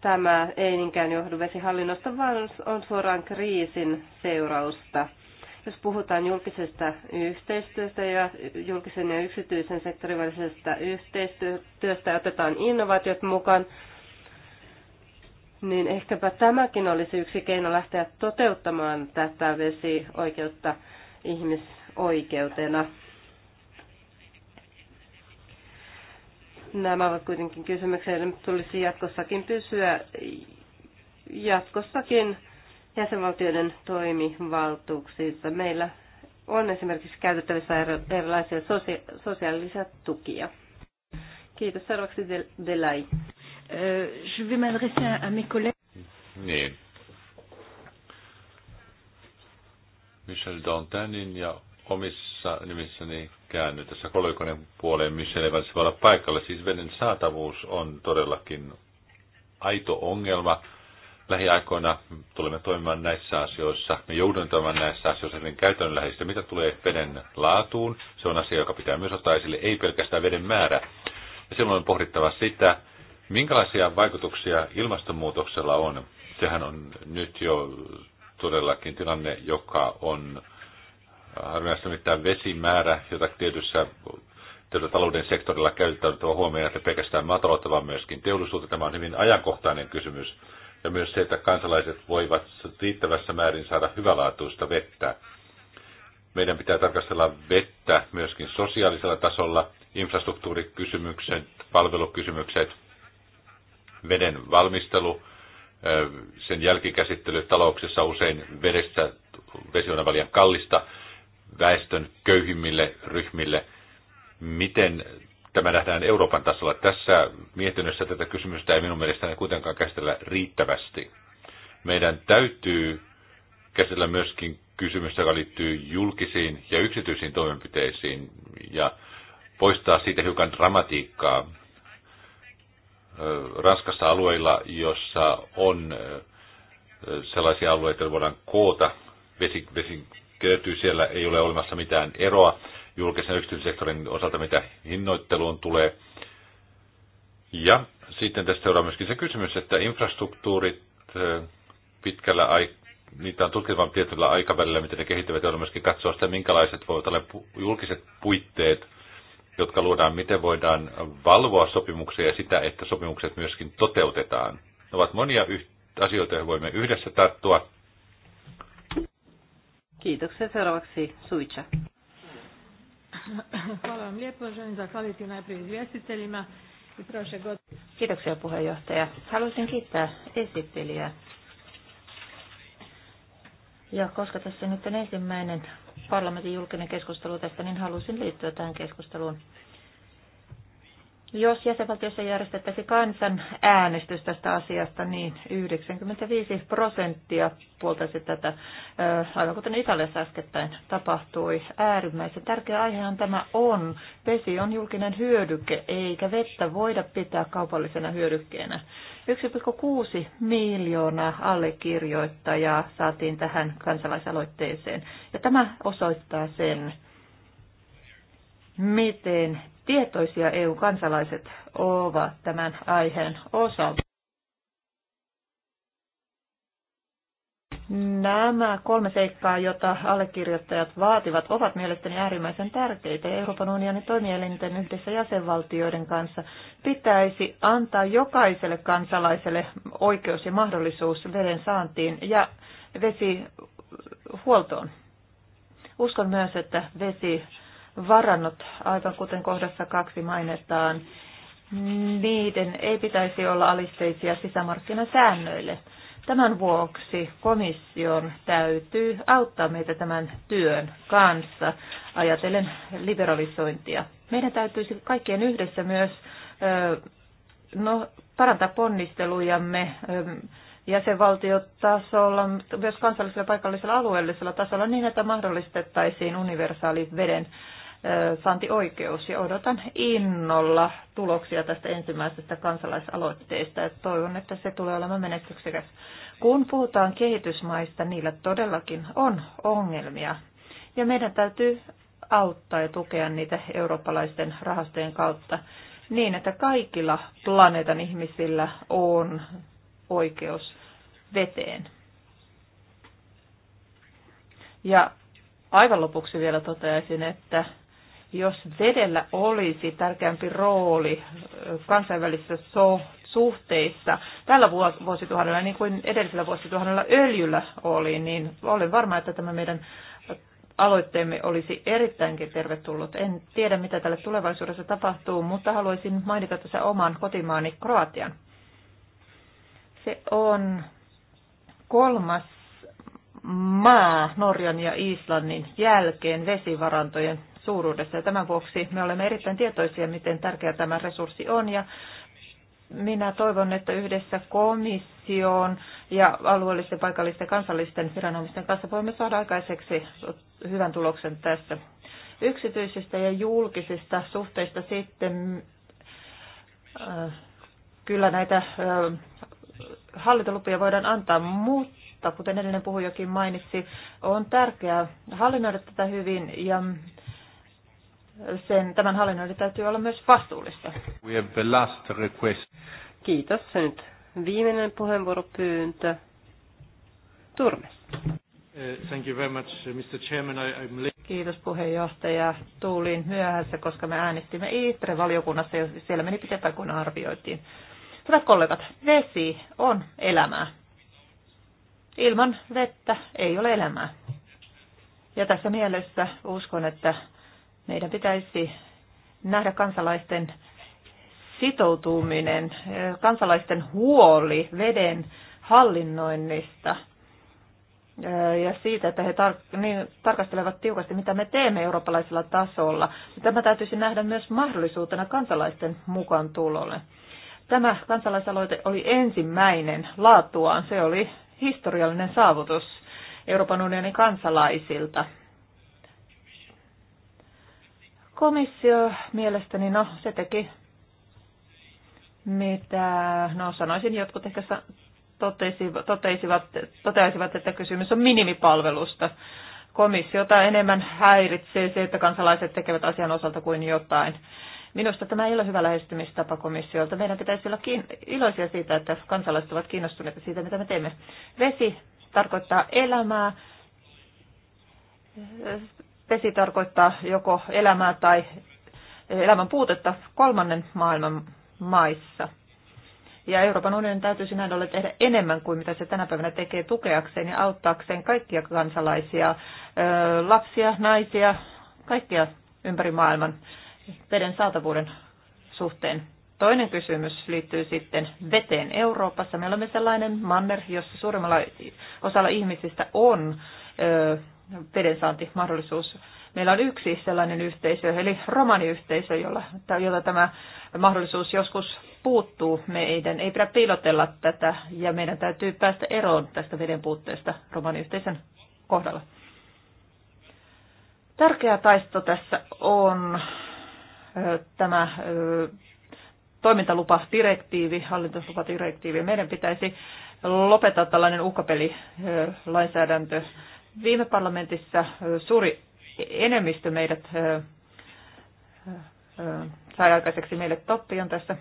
tämä ei niinkään johdu vesihallinnosta, vaan on suoraan kriisin seurausta. Jos puhutaan julkisesta yhteistyöstä ja julkisen ja yksityisen sektorin välisestä yhteistyöstä ja otetaan innovaatiot mukaan, niin ehkäpä tämäkin olisi yksi keino lähteä toteuttamaan tätä vesioikeutta ihmisoikeutena. Nämä ovat kuitenkin kysymyksiä, joiden tulisi jatkossakin pysyä jatkossakin jäsenvaltioiden toimivaltuuksissa. Meillä on esimerkiksi käytettävissä erilaisia sosiaalisia tukia. Kiitos. Seuraavaksi Delay. Euh, je vais m'adresser à mes collègues. Niin. Michel Dantanin ja omissa nimissäni käänny tässä kolikonen puoleen, missä ei välttämättä olla paikalla. Siis veden saatavuus on todellakin aito ongelma lähiaikoina tulemme toimimaan näissä asioissa. Me joudumme toimimaan näissä asioissa hyvin käytännönläheisesti. Mitä tulee veden laatuun, se on asia, joka pitää myös ottaa esille, ei pelkästään veden määrä. Ja silloin on pohdittava sitä, minkälaisia vaikutuksia ilmastonmuutoksella on. Sehän on nyt jo todellakin tilanne, joka on äh, harvinaista mitään vesimäärä, jota tietyssä tällä talouden sektorilla käytetään huomioon, että pelkästään maataloutta, vaan myöskin teollisuutta. Tämä on hyvin ajankohtainen kysymys ja myös se, että kansalaiset voivat riittävässä määrin saada hyvälaatuista vettä. Meidän pitää tarkastella vettä myöskin sosiaalisella tasolla, infrastruktuurikysymykset, palvelukysymykset, veden valmistelu, sen jälkikäsittely talouksessa usein vedessä, vesi on kallista väestön köyhimmille ryhmille. Miten tämä nähdään Euroopan tasolla. Tässä mietinnössä tätä kysymystä ei minun mielestäni kuitenkaan käsitellä riittävästi. Meidän täytyy käsitellä myöskin kysymystä, joka liittyy julkisiin ja yksityisiin toimenpiteisiin ja poistaa siitä hiukan dramatiikkaa. Ranskassa alueilla, jossa on sellaisia alueita, joilla voidaan koota vesi, vesi kertyy, siellä ei ole olemassa mitään eroa julkisen ja yksityisen sektorin osalta, mitä hinnoitteluun tulee. Ja sitten tästä seuraa myöskin se kysymys, että infrastruktuurit pitkällä aikaa niitä on tutkittavan tietyllä aikavälillä, miten ne kehittyvät, ja myöskin katsoa sitä, minkälaiset voivat olla julkiset puitteet, jotka luodaan, miten voidaan valvoa sopimuksia ja sitä, että sopimukset myöskin toteutetaan. Ne ovat monia asioita, joihin voimme yhdessä tarttua. Kiitoksia. Seuraavaksi Suitsa. Hvala vam lijepo. Želim zahvaliti najprije izvjestiteljima i prošle godine. Kiitoksia puheenjohtaja. Haluaisin kiittää esittelijää. Ja koska tässä nyt on ensimmäinen parlamentin julkinen keskustelu tästä, niin halusin liittyä tähän keskusteluun. Jos jäsenvaltiossa järjestettäisiin äänestys tästä asiasta, niin 95 prosenttia puoltaisi tätä, aivan kuten Italiassa äskettäin tapahtui. Äärimmäisen tärkeä aihehan tämä on. Vesi on julkinen hyödyke, eikä vettä voida pitää kaupallisena hyödykkeenä. 1,6 miljoonaa allekirjoittajaa saatiin tähän kansalaisaloitteeseen. Ja tämä osoittaa sen, miten tietoisia EU-kansalaiset ovat tämän aiheen osalta. Nämä kolme seikkaa, joita allekirjoittajat vaativat, ovat mielestäni äärimmäisen tärkeitä. Euroopan unionin toimielinten yhdessä jäsenvaltioiden kanssa pitäisi antaa jokaiselle kansalaiselle oikeus ja mahdollisuus veden saantiin ja vesihuoltoon. Uskon myös, että vesi varannot, aivan kuten kohdassa kaksi mainitaan, niiden ei pitäisi olla alisteisia sisämarkkinasäännöille. Tämän vuoksi komission täytyy auttaa meitä tämän työn kanssa, ajatellen liberalisointia. Meidän täytyisi kaikkien yhdessä myös no, parantaa ponnistelujamme jäsenvaltiotasolla, myös kansallisella paikallisella alueellisella tasolla niin, että mahdollistettaisiin universaali veden saantioikeus ja odotan innolla tuloksia tästä ensimmäisestä kansalaisaloitteesta ja toivon, että se tulee olemaan menestyksekäs. Kun puhutaan kehitysmaista, niillä todellakin on ongelmia ja meidän täytyy auttaa ja tukea niitä eurooppalaisten rahastojen kautta niin, että kaikilla planeetan ihmisillä on oikeus veteen. Ja aivan lopuksi vielä toteaisin, että jos vedellä olisi tärkeämpi rooli kansainvälisissä so- suhteissa tällä vuosituhannella, niin kuin edellisellä vuosituhannella öljyllä oli, niin olen varma, että tämä meidän aloitteemme olisi erittäinkin tervetullut. En tiedä, mitä tälle tulevaisuudessa tapahtuu, mutta haluaisin mainita tässä oman kotimaani Kroatian. Se on kolmas maa Norjan ja Islannin jälkeen vesivarantojen suuruudessa. Ja tämän vuoksi me olemme erittäin tietoisia, miten tärkeä tämä resurssi on ja minä toivon, että yhdessä komission ja alueellisten, paikallisten, kansallisten viranomaisten kanssa voimme saada aikaiseksi hyvän tuloksen tässä. Yksityisistä ja julkisista suhteista sitten äh, kyllä näitä äh, hallintolupia voidaan antaa, mutta kuten edellinen puhujakin mainitsi, on tärkeää hallinnoida tätä hyvin ja sen, tämän hallinnoinnin täytyy olla myös vastuullista. We have the last request. Kiitos. Nyt viimeinen puheenvuoropyyntö. Turmes. Eh, thank you very much, eh, Mr. Chairman. I, I'm late. Kiitos puheenjohtaja. Tuulin myöhässä, koska me äänestimme ITRE-valiokunnassa ja siellä meni pitempään kuin arvioitiin. Hyvät kollegat, vesi on elämää. Ilman vettä ei ole elämää. Ja tässä mielessä uskon, että meidän pitäisi nähdä kansalaisten sitoutuminen, kansalaisten huoli veden hallinnoinnista eh, ja siitä, että he tar- niin, tarkastelevat tiukasti, mitä me teemme eurooppalaisella tasolla. Tämä täytyisi nähdä myös mahdollisuutena kansalaisten mukaan tulolle. Tämä kansalaisaloite oli ensimmäinen laatuaan. Se oli historiallinen saavutus Euroopan unionin kansalaisilta. Komissio mielestäni, no se teki mitä, no sanoisin, jotkut ehkä totesivat, totesivat, että kysymys on minimipalvelusta. Komissiota enemmän häiritsee se, että kansalaiset tekevät asian osalta kuin jotain. Minusta tämä ei ole hyvä lähestymistapa komissiolta. Meidän pitäisi olla iloisia siitä, että kansalaiset ovat kiinnostuneita siitä, mitä me teemme. Vesi tarkoittaa elämää pesi tarkoittaa joko elämää tai elämän puutetta kolmannen maailman maissa. Ja Euroopan unionin täytyisi näin ollen tehdä enemmän kuin mitä se tänä päivänä tekee tukeakseen ja auttaakseen kaikkia kansalaisia, lapsia, naisia, kaikkia ympäri maailman veden saatavuuden suhteen. Toinen kysymys liittyy sitten veteen Euroopassa. Me olemme sellainen manner, jossa suurimmalla osalla ihmisistä on vedensaantimahdollisuus. Meillä on yksi sellainen yhteisö, eli romaniyhteisö, jolla, jolla tämä mahdollisuus joskus puuttuu. Meidän ei pidä piilotella tätä ja meidän täytyy päästä eroon tästä veden puutteesta romaniyhteisön kohdalla. Tärkeä taisto tässä on tämä toimintalupadirektiivi, hallintolupadirektiivi. Meidän pitäisi lopettaa tällainen uhkapelilainsäädäntö. lainsäädäntö Viime parlamentissa suuri enemmistö meidät sai aikaiseksi meille tappion tässä.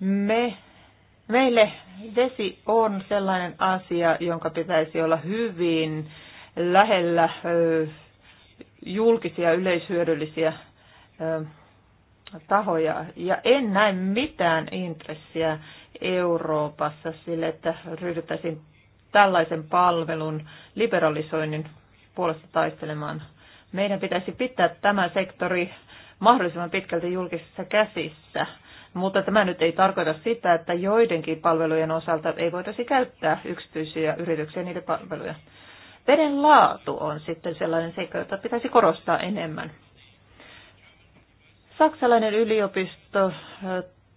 Me, meille vesi on sellainen asia, jonka pitäisi olla hyvin lähellä julkisia yleishyödyllisiä tahoja. Ja en näe mitään intressiä Euroopassa sille, että ryhdyttäisiin tällaisen palvelun liberalisoinnin puolesta taistelemaan. Meidän pitäisi pitää tämä sektori mahdollisimman pitkälti julkisissa käsissä, mutta tämä nyt ei tarkoita sitä, että joidenkin palvelujen osalta ei voitaisi käyttää yksityisiä yrityksiä niiden palveluja. Veden laatu on sitten sellainen seikka, jota pitäisi korostaa enemmän. Saksalainen yliopisto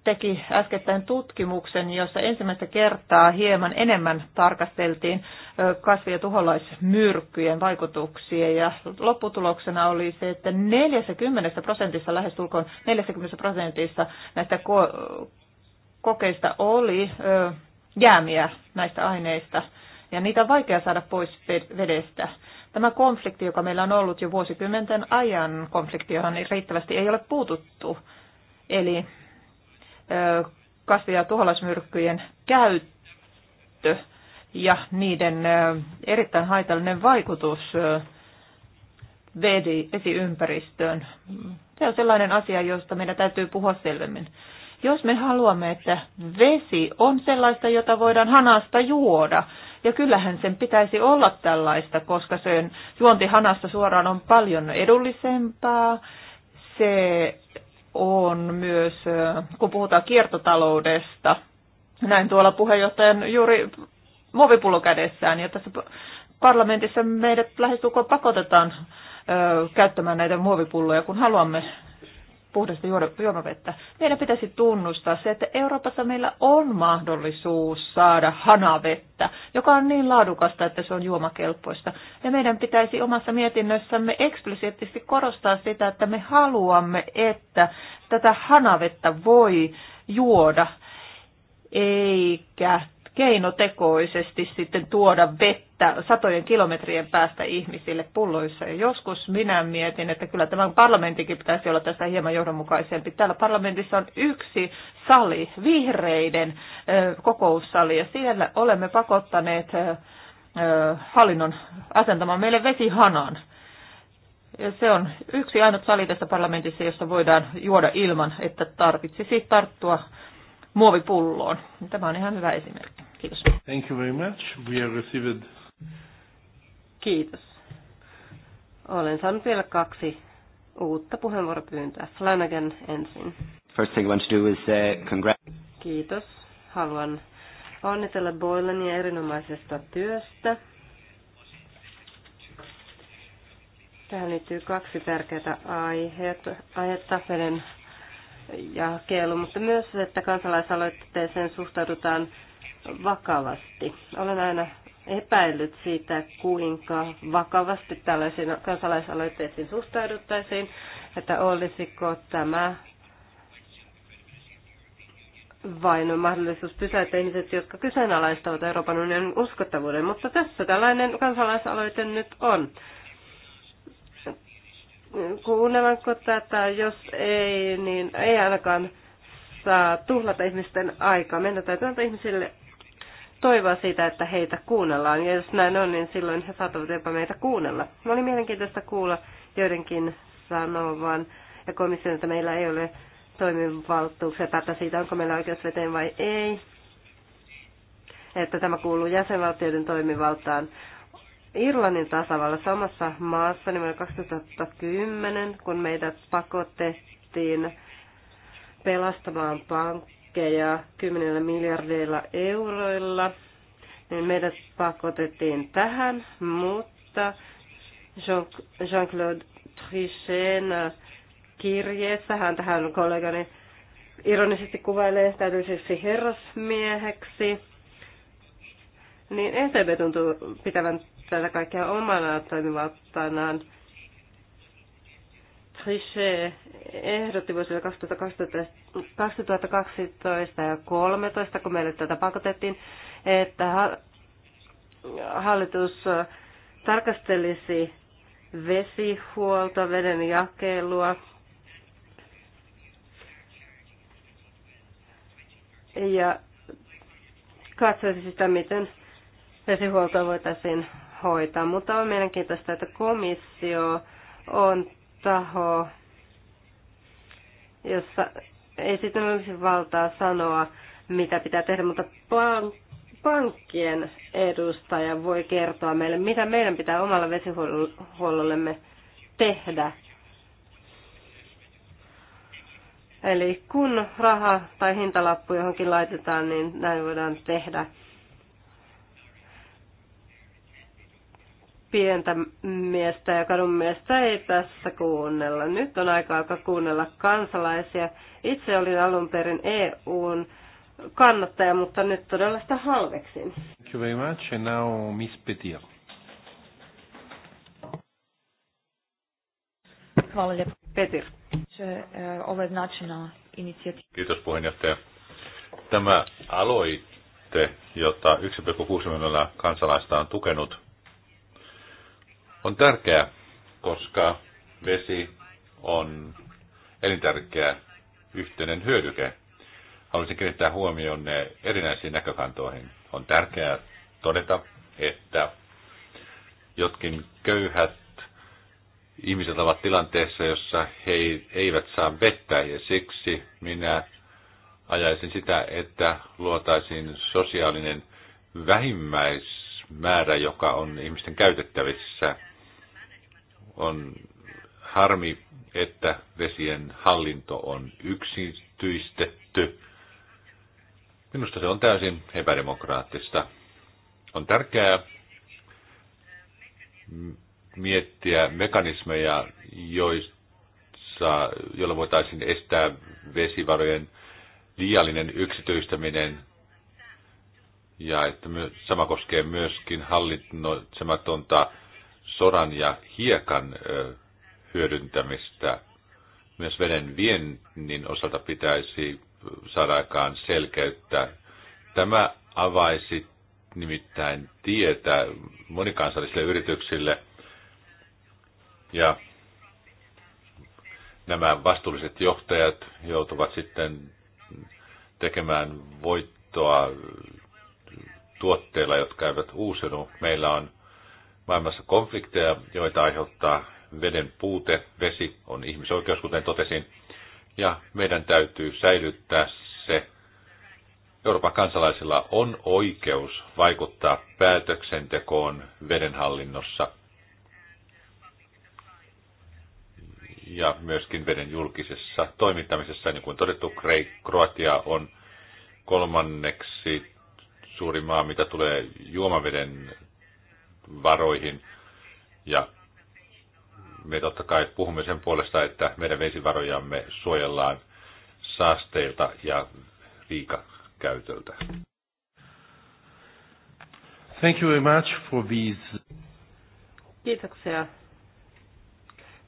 teki äskettäin tutkimuksen, jossa ensimmäistä kertaa hieman enemmän tarkasteltiin kasvi- ja tuholaismyrkkyjen vaikutuksia. Ja lopputuloksena oli se, että 40 prosentissa, lähestulkoon 40 prosentissa näistä ko- kokeista oli ö, jäämiä näistä aineista. Ja niitä on vaikea saada pois vedestä. Tämä konflikti, joka meillä on ollut jo vuosikymmenten ajan, konflikti, johon riittävästi ei ole puututtu. Eli kasvi- ja tuholaismyrkkyjen käyttö ja niiden erittäin haitallinen vaikutus vesiympäristöön. Se on sellainen asia, josta meidän täytyy puhua selvemmin. Jos me haluamme, että vesi on sellaista, jota voidaan hanasta juoda, ja kyllähän sen pitäisi olla tällaista, koska sen juonti hanasta suoraan on paljon edullisempaa, se on myös, kun puhutaan kiertotaloudesta, näin tuolla puheenjohtajan juuri muovipullo kädessään, ja tässä parlamentissa meidät lähestulkoon pakotetaan käyttämään näitä muovipulloja, kun haluamme puhdasta juomavettä. Meidän pitäisi tunnustaa se, että Euroopassa meillä on mahdollisuus saada hanavettä, joka on niin laadukasta, että se on juomakelpoista. Ja meidän pitäisi omassa mietinnössämme eksplisiittisesti korostaa sitä, että me haluamme, että tätä hanavettä voi juoda eikä keinotekoisesti sitten tuoda vettä satojen kilometrien päästä ihmisille pulloissa. Ja joskus minä mietin, että kyllä tämän parlamentinkin pitäisi olla tästä hieman johdonmukaisempi. Täällä parlamentissa on yksi sali, vihreiden kokoussali, ja siellä olemme pakottaneet hallinnon asentamaan meille vesihanan. Ja se on yksi ainut sali tässä parlamentissa, jossa voidaan juoda ilman, että tarvitsisi tarttua muovipulloon. Tämä on ihan hyvä esimerkki. Kiitos. Thank you very much. We have received... Kiitos. Olen saanut vielä kaksi uutta puheenvuoropyyntöä. Flanagan ensin. First thing I want to do is uh, congrats. Kiitos. Haluan onnitella Boylania erinomaisesta työstä. Tähän liittyy kaksi tärkeää aihetta. Aihetta veden jakelu, mutta myös, että kansalaisaloitteeseen suhtaudutaan vakavasti. Olen aina epäillyt siitä, kuinka vakavasti tällaisiin kansalaisaloitteisiin suhtauduttaisiin, että olisiko tämä vain on mahdollisuus pysäyttää ihmiset, jotka kyseenalaistavat Euroopan unionin uskottavuuden, mutta tässä tällainen kansalaisaloite nyt on. Kuunnellaanko tätä? Jos ei, niin ei ainakaan saa tuhlata ihmisten aikaa. Mennä täytyy antaa ihmisille toivoa siitä, että heitä kuunnellaan. Ja jos näin on, niin silloin he saattavat jopa meitä kuunnella. Mä oli mielenkiintoista kuulla joidenkin sanovan ja komission, että meillä ei ole toimivaltuuksia tätä siitä, onko meillä oikeus veteen vai ei. Että tämä kuuluu jäsenvaltioiden toimivaltaan. Irlannin tasavallassa samassa maassa nimellä 2010, kun meidät pakotettiin pelastamaan pankkeja 10 miljardeilla euroilla, niin meidät pakotettiin tähän, mutta Jean-Claude Trichet kirjeessä, hän tähän kollegani ironisesti kuvailee täydellisesti herrasmieheksi, niin ECB tuntuu pitävän tätä kaikkea omana toimivaltanaan. Trichet ehdotti vuosille 2012 ja 2013, kun meille tätä pakotettiin, että hallitus tarkastelisi vesihuoltoa, veden jakelua ja katsoisi sitä, miten vesihuoltoa voitaisiin hoitaa, mutta on mielenkiintoista, että komissio on taho, jossa ei sitten olisi valtaa sanoa, mitä pitää tehdä, mutta pankkien edustaja voi kertoa meille, mitä meidän pitää omalla vesihuollollemme tehdä. Eli kun raha tai hintalappu johonkin laitetaan, niin näin voidaan tehdä. pientä miestä ja kadunmiestä ei tässä kuunnella. Nyt on aika aika kuunnella kansalaisia. Itse olin alun perin EUn kannattaja, mutta nyt todella sitä halveksin. Thank you very much. And now Miss Petir. Petir. E, Kiitos puheenjohtaja. Tämä aloite, jota 1,6 miljoonaa kansalaista on tukenut, on tärkeää, koska vesi on elintärkeä yhteinen hyödyke. Haluaisin kiinnittää huomioon erinäisiin näkökantoihin. On tärkeää todeta, että jotkin köyhät ihmiset ovat tilanteessa, jossa he eivät saa vettä ja siksi minä ajaisin sitä, että luotaisiin sosiaalinen vähimmäismäärä, joka on ihmisten käytettävissä on harmi, että vesien hallinto on yksityistetty. Minusta se on täysin epädemokraattista. On tärkeää miettiä mekanismeja, joissa, joilla voitaisiin estää vesivarojen liiallinen yksityistäminen. Ja että sama koskee myöskin hallitsematonta soran ja hiekan hyödyntämistä. Myös veden viennin osalta pitäisi saada aikaan selkeyttä. Tämä avaisi nimittäin tietä monikansallisille yrityksille ja nämä vastuulliset johtajat joutuvat sitten tekemään voittoa tuotteilla, jotka eivät uusinut. Meillä on maailmassa konflikteja, joita aiheuttaa veden puute. Vesi on ihmisoikeus, kuten totesin, ja meidän täytyy säilyttää se. Euroopan kansalaisilla on oikeus vaikuttaa päätöksentekoon vedenhallinnossa ja myöskin veden julkisessa toimittamisessa. Niin kuin todettu, Kroatia on kolmanneksi suuri maa, mitä tulee juomaveden vesivaroihin. Ja me totta kai puhumme sen puolesta, että meidän vesivarojamme suojellaan saasteilta ja liikakäytöltä. Thank you very much for these. Kiitoksia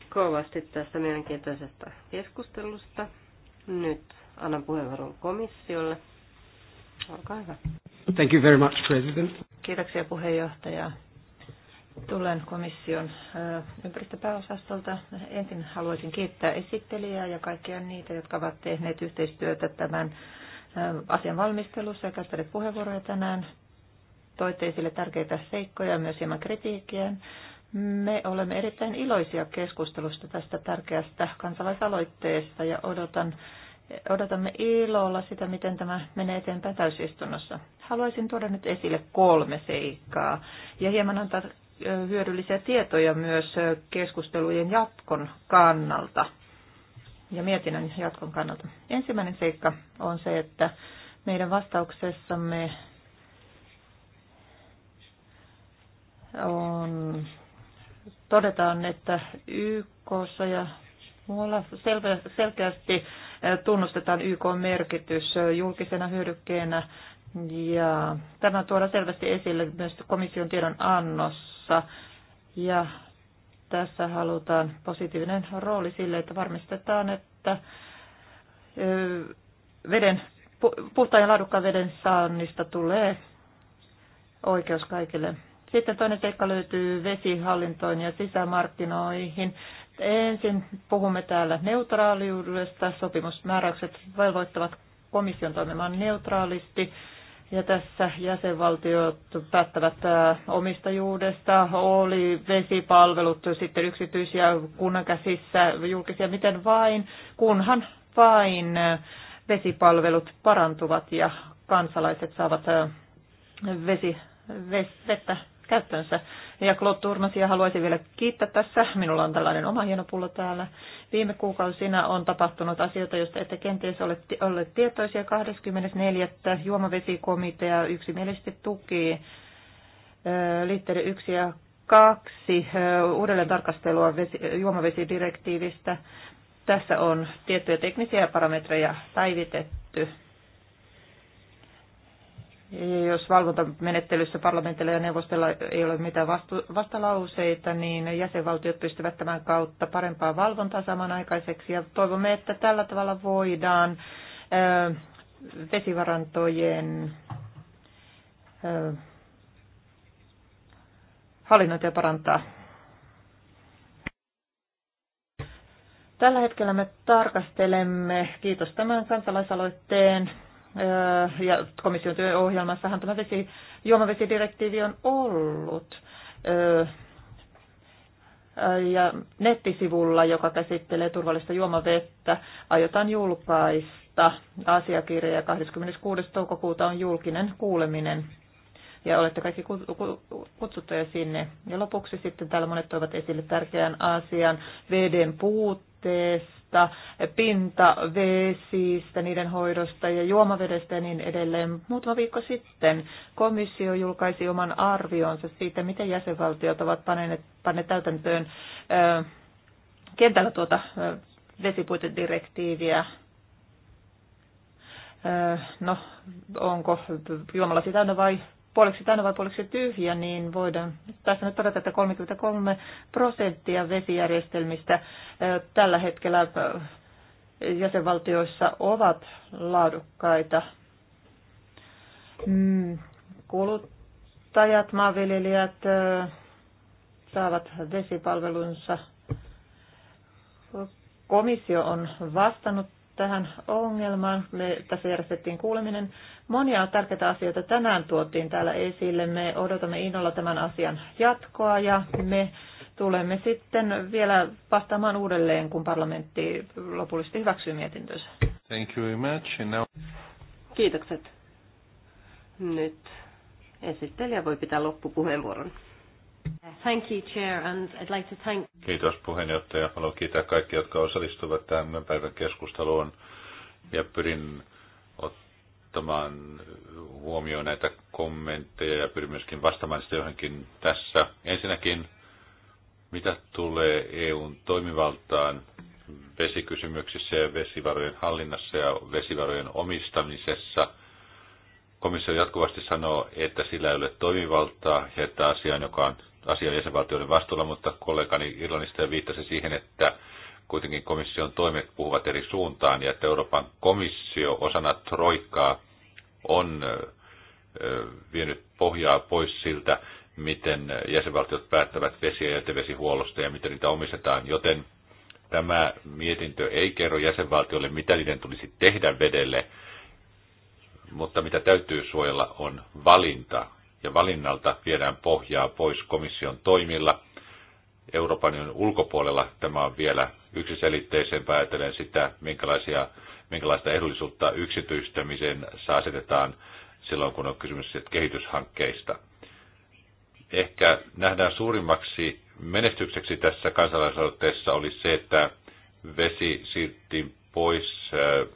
kovasti tästä mielenkiintoisesta keskustelusta. Nyt annan puheenvuoron komissiolle. Olkaa hyvä. Thank you very much, President. Kiitoksia puheenjohtaja. Tulen komission ympäristöpääosastolta. Ensin haluaisin kiittää esittelijää ja kaikkia niitä, jotka ovat tehneet yhteistyötä tämän asian valmistelussa ja käyttäneet puheenvuoroja tänään. Toitte esille tärkeitä seikkoja ja myös hieman kritiikkiä. Me olemme erittäin iloisia keskustelusta tästä tärkeästä kansalaisaloitteesta ja odotan, odotamme ilolla sitä, miten tämä menee eteenpäin täysistunnossa. Haluaisin tuoda nyt esille kolme seikkaa ja hieman antaa hyödyllisiä tietoja myös keskustelujen jatkon kannalta ja mietinnön jatkon kannalta. Ensimmäinen seikka on se, että meidän vastauksessamme on, todetaan, että YK ja muualla selkeästi tunnustetaan YK merkitys julkisena hyödykkeenä ja tämä tuodaan selvästi esille myös komission tiedon annossa kanssa. Ja tässä halutaan positiivinen rooli sille, että varmistetaan, että veden, puhtaan ja laadukkaan veden saannista tulee oikeus kaikille. Sitten toinen seikka löytyy vesihallintoon ja sisämarkkinoihin. Ensin puhumme täällä neutraaliudesta. Sopimusmääräykset velvoittavat komission toimimaan neutraalisti ja tässä jäsenvaltiot päättävät omistajuudesta, oli vesipalvelut sitten yksityisiä kunnan käsissä, julkisia, miten vain, kunhan vain vesipalvelut parantuvat ja kansalaiset saavat vesi, ves, vettä käyttöönsä. Ja Claude Turmasia haluaisin vielä kiittää tässä. Minulla on tällainen oma hieno pullo täällä. Viime kuukausina on tapahtunut asioita, joista ette kenties ole olleet tietoisia. 24. juomavesikomitea yksimielisesti tuki liitteiden 1 ja 2 uudelleen tarkastelua juomavesidirektiivistä. Tässä on tiettyjä teknisiä parametreja päivitetty jos valvontamenettelyssä parlamentilla ja neuvostolla ei ole mitään vastu- vastalauseita, niin jäsenvaltiot pystyvät tämän kautta parempaa valvontaa samanaikaiseksi. Ja toivomme, että tällä tavalla voidaan ö, vesivarantojen ö, hallinnointia parantaa. Tällä hetkellä me tarkastelemme, kiitos tämän kansalaisaloitteen, ja komission työohjelmassahan tämä vesi, juomavesidirektiivi on ollut. Ja nettisivulla, joka käsittelee turvallista juomavettä, aiotaan julkaista asiakirja 26. toukokuuta on julkinen kuuleminen. Ja olette kaikki kutsuttuja sinne. Ja lopuksi sitten täällä monet toivat esille tärkeän asian veden puutteessa puolesta, pintavesistä, niiden hoidosta ja juomavedestä ja niin edelleen. Muutama viikko sitten komissio julkaisi oman arvionsa siitä, miten jäsenvaltiot ovat panneet, panneet täytäntöön ö, kentällä tuota vesipuitedirektiiviä. no, onko juomalasi täynnä vai puoleksi täynnä vai puoleksi tyhjä, niin voidaan tässä nyt todeta, että 33 prosenttia vesijärjestelmistä tällä hetkellä jäsenvaltioissa ovat laadukkaita. Mm, kuluttajat, maanviljelijät saavat vesipalvelunsa. Komissio on vastannut tähän ongelmaan. Me tässä järjestettiin kuuleminen. Monia tärkeitä asioita tänään tuotiin täällä esille. Me odotamme innolla tämän asian jatkoa ja me tulemme sitten vielä vastaamaan uudelleen, kun parlamentti lopullisesti hyväksyy mietintönsä. Thank you very much. now... Kiitokset. Nyt esittelijä voi pitää loppupuheenvuoron. Thank you, Chair, and I'd like to thank... Kiitos puheenjohtaja. Haluan kiittää kaikkia, jotka osallistuvat tämän päivän keskusteluun ja pyrin ottamaan huomioon näitä kommentteja ja pyrin myöskin vastaamaan sitä johonkin tässä. Ensinnäkin, mitä tulee EUn toimivaltaan vesikysymyksissä ja vesivarojen hallinnassa ja vesivarojen omistamisessa – komissio jatkuvasti sanoo, että sillä ei ole toimivaltaa ja että asia, joka on asia on jäsenvaltioiden vastuulla, mutta kollegani Irlannista jo viittasi siihen, että kuitenkin komission toimet puhuvat eri suuntaan ja että Euroopan komissio osana troikkaa on vienyt pohjaa pois siltä, miten jäsenvaltiot päättävät vesi- ja jätevesihuollosta ja miten niitä omistetaan, joten tämä mietintö ei kerro jäsenvaltiolle, mitä niiden tulisi tehdä vedelle, mutta mitä täytyy suojella on valinta ja valinnalta viedään pohjaa pois komission toimilla. Euroopan unionin ulkopuolella tämä on vielä yksiselitteisen päätelen sitä, minkälaisia, minkälaista edullisuutta yksityistämiseen saasetetaan silloin, kun on kysymys kehityshankkeista. Ehkä nähdään suurimmaksi menestykseksi tässä kansalaisaloitteessa oli se, että vesi siirtiin pois äh,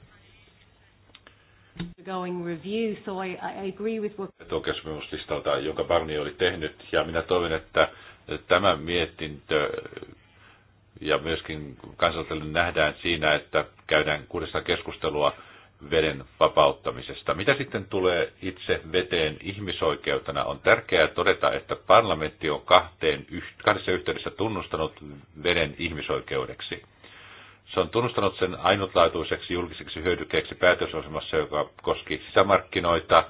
going review, so I, I agree with what... jonka Barni oli tehnyt, ja minä toivon, että tämä mietintö ja myöskin kansalaiselle nähdään siinä, että käydään kuudesta keskustelua veden vapauttamisesta. Mitä sitten tulee itse veteen ihmisoikeutena? On tärkeää todeta, että parlamentti on kahteen, kahdessa yhteydessä tunnustanut veden ihmisoikeudeksi. Se on tunnustanut sen ainutlaatuiseksi julkiseksi hyödykkeeksi päätösosimassa, joka koski sisämarkkinoita.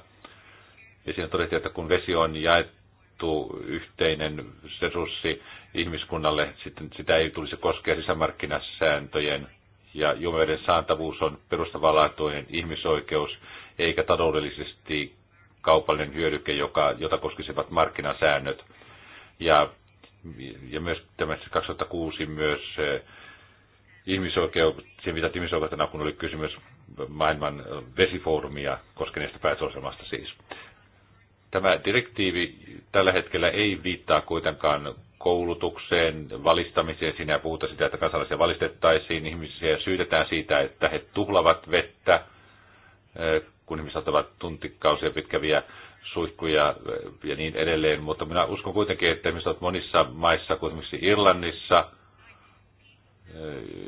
Ja siinä todettiin, että kun vesi on jaettu yhteinen resurssi ihmiskunnalle, sitten sitä ei tulisi koskea sisämarkkinasääntöjen ja juomaveden saantavuus on perustavanlaatuinen ihmisoikeus, eikä taloudellisesti kaupallinen hyödyke, joka, jota koskisivat markkinasäännöt. Ja, ja myös tämä 2006 siis myös eh, ihmisoikeuksien, mitä ihmisoikeutena, kun oli kysymys maailman vesifoorumia koskeneesta päätösohjelmasta siis. Tämä direktiivi tällä hetkellä ei viittaa kuitenkaan koulutukseen, valistamiseen. Siinä puhuta sitä, että kansalaisia valistettaisiin, ihmisiä syytetään siitä, että he tuhlavat vettä, kun ihmiset ottavat tuntikausia pitkäviä suihkuja ja niin edelleen. Mutta minä uskon kuitenkin, että ihmiset ovat monissa maissa, kuten esimerkiksi Irlannissa –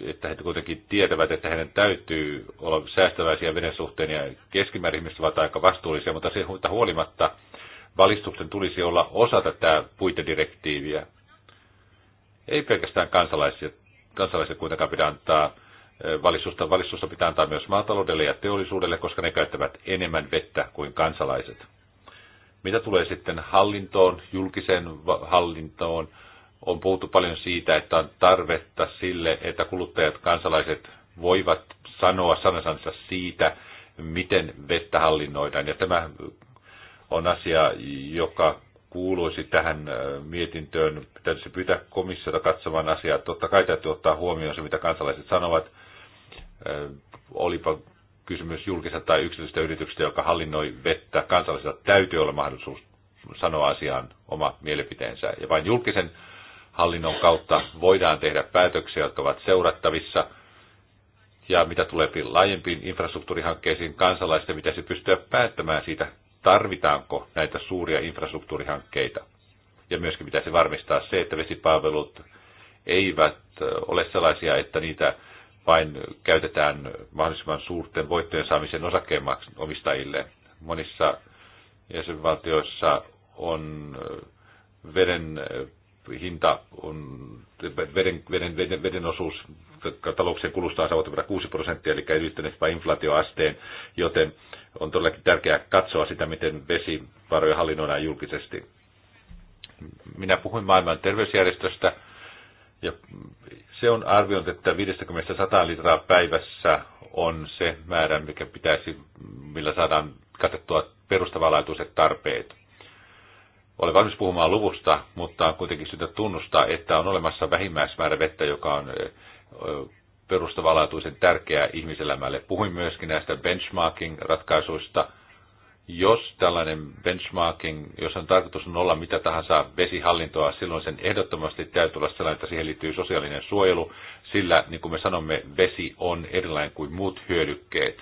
että he kuitenkin tietävät, että heidän täytyy olla säästäväisiä veden suhteen ja keskimäärin ihmiset ovat aika vastuullisia, mutta siitä huolimatta valistuksen tulisi olla osa tätä puitedirektiiviä. Ei pelkästään kansalaisia, kansalaisia kuitenkaan pidä antaa valistusta. Valistusta pitää antaa myös maataloudelle ja teollisuudelle, koska ne käyttävät enemmän vettä kuin kansalaiset. Mitä tulee sitten hallintoon, julkiseen hallintoon, on puhuttu paljon siitä, että on tarvetta sille, että kuluttajat, kansalaiset voivat sanoa sanansa siitä, miten vettä hallinnoidaan. Ja tämä on asia, joka kuuluisi tähän äh, mietintöön. Pitäisi pyytää komissiota katsomaan asiaa. Totta kai täytyy ottaa huomioon se, mitä kansalaiset sanovat. Äh, olipa kysymys julkisesta tai yksityisestä yrityksestä, joka hallinnoi vettä. Kansalaisilla täytyy olla mahdollisuus sanoa asiaan oma mielipiteensä. Ja vain julkisen hallinnon kautta voidaan tehdä päätöksiä, jotka ovat seurattavissa. Ja mitä tulee laajempiin infrastruktuurihankkeisiin, kansalaisten se pystyä päättämään siitä, tarvitaanko näitä suuria infrastruktuurihankkeita. Ja myöskin pitäisi varmistaa se, että vesipalvelut eivät ole sellaisia, että niitä vain käytetään mahdollisimman suurten voittojen saamisen osakkeen omistajille. Monissa jäsenvaltioissa on veden hinta on, veden, veden, veden, veden osuus talouksien kulusta on saavutettu 6 prosenttia, eli ylittänyt inflaatioasteen, joten on todellakin tärkeää katsoa sitä, miten vesivaroja hallinnoidaan julkisesti. Minä puhuin maailman terveysjärjestöstä, ja se on arvioinut, että 50-100 litraa päivässä on se määrä, mikä pitäisi, millä saadaan katettua perustavanlaatuiset tarpeet. Ole valmis puhumaan luvusta, mutta on kuitenkin syytä tunnustaa, että on olemassa vähimmäismäärä vettä, joka on perustavanlaatuisen tärkeää ihmiselämälle. Puhuin myöskin näistä benchmarking-ratkaisuista. Jos tällainen benchmarking, jos on tarkoitus olla mitä tahansa vesihallintoa, silloin sen ehdottomasti täytyy olla sellainen, että siihen liittyy sosiaalinen suojelu, sillä niin kuin me sanomme, vesi on erilainen kuin muut hyödykkeet.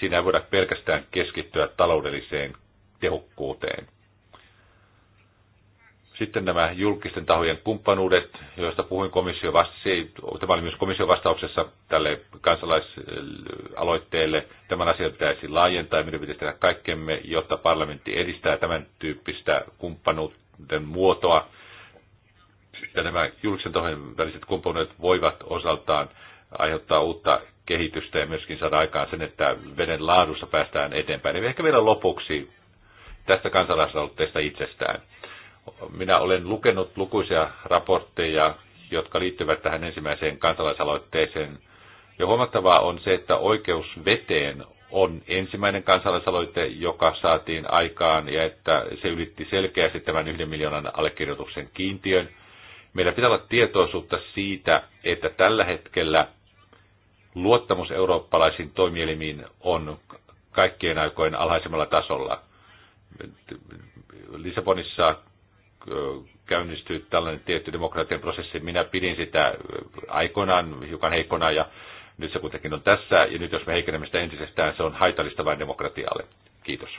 Siinä ei voida pelkästään keskittyä taloudelliseen tehokkuuteen. Sitten nämä julkisten tahojen kumppanuudet, joista puhuin komissio vastasi, tämä oli myös komission vastauksessa tälle kansalaisaloitteelle. Tämän asian pitäisi laajentaa ja meidän pitäisi tehdä kaikkemme, jotta parlamentti edistää tämän tyyppistä kumppanuuden muotoa. Ja nämä julkisen tahojen väliset kumppanuudet voivat osaltaan aiheuttaa uutta kehitystä ja myöskin saada aikaan sen, että veden laadussa päästään eteenpäin. Ja ehkä vielä lopuksi tästä kansalaisaloitteesta itsestään – minä olen lukenut lukuisia raportteja, jotka liittyvät tähän ensimmäiseen kansalaisaloitteeseen. Ja huomattavaa on se, että oikeus veteen on ensimmäinen kansalaisaloite, joka saatiin aikaan ja että se ylitti selkeästi tämän yhden miljoonan allekirjoituksen kiintiön. Meillä pitää olla tietoisuutta siitä, että tällä hetkellä luottamus eurooppalaisiin toimielimiin on kaikkien aikojen alhaisemmalla tasolla. Lisabonissa käynnistyy tällainen tietty demokratian prosessi. Minä pidin sitä aikoinaan hiukan heikkona ja nyt se kuitenkin on tässä. Ja nyt jos me heikennämme sitä entisestään, se on haitallista vain demokratialle. Kiitos.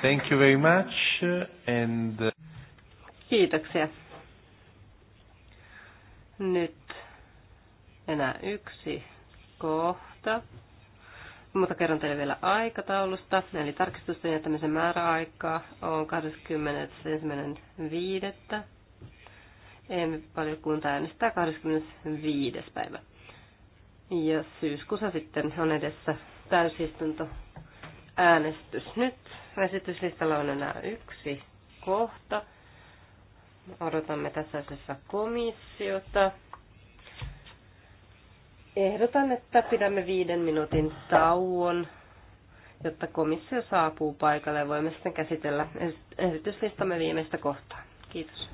Thank you very much. And... Uh, Kiitoksia. Nyt enää yksi kohta mutta kerron teille vielä aikataulusta. Eli tarkistusten jättämisen määräaikaa on 21.5. paljon kunta äänestää 25. päivä. Ja syyskuussa sitten on edessä täysistunto äänestys. Nyt esityslistalla on enää yksi kohta. Odotamme tässä asiassa komissiota. Ehdotan, että pidämme viiden minuutin tauon, jotta komissio saapuu paikalle ja voimme sitten käsitellä esityslistamme viimeistä kohtaa. Kiitos.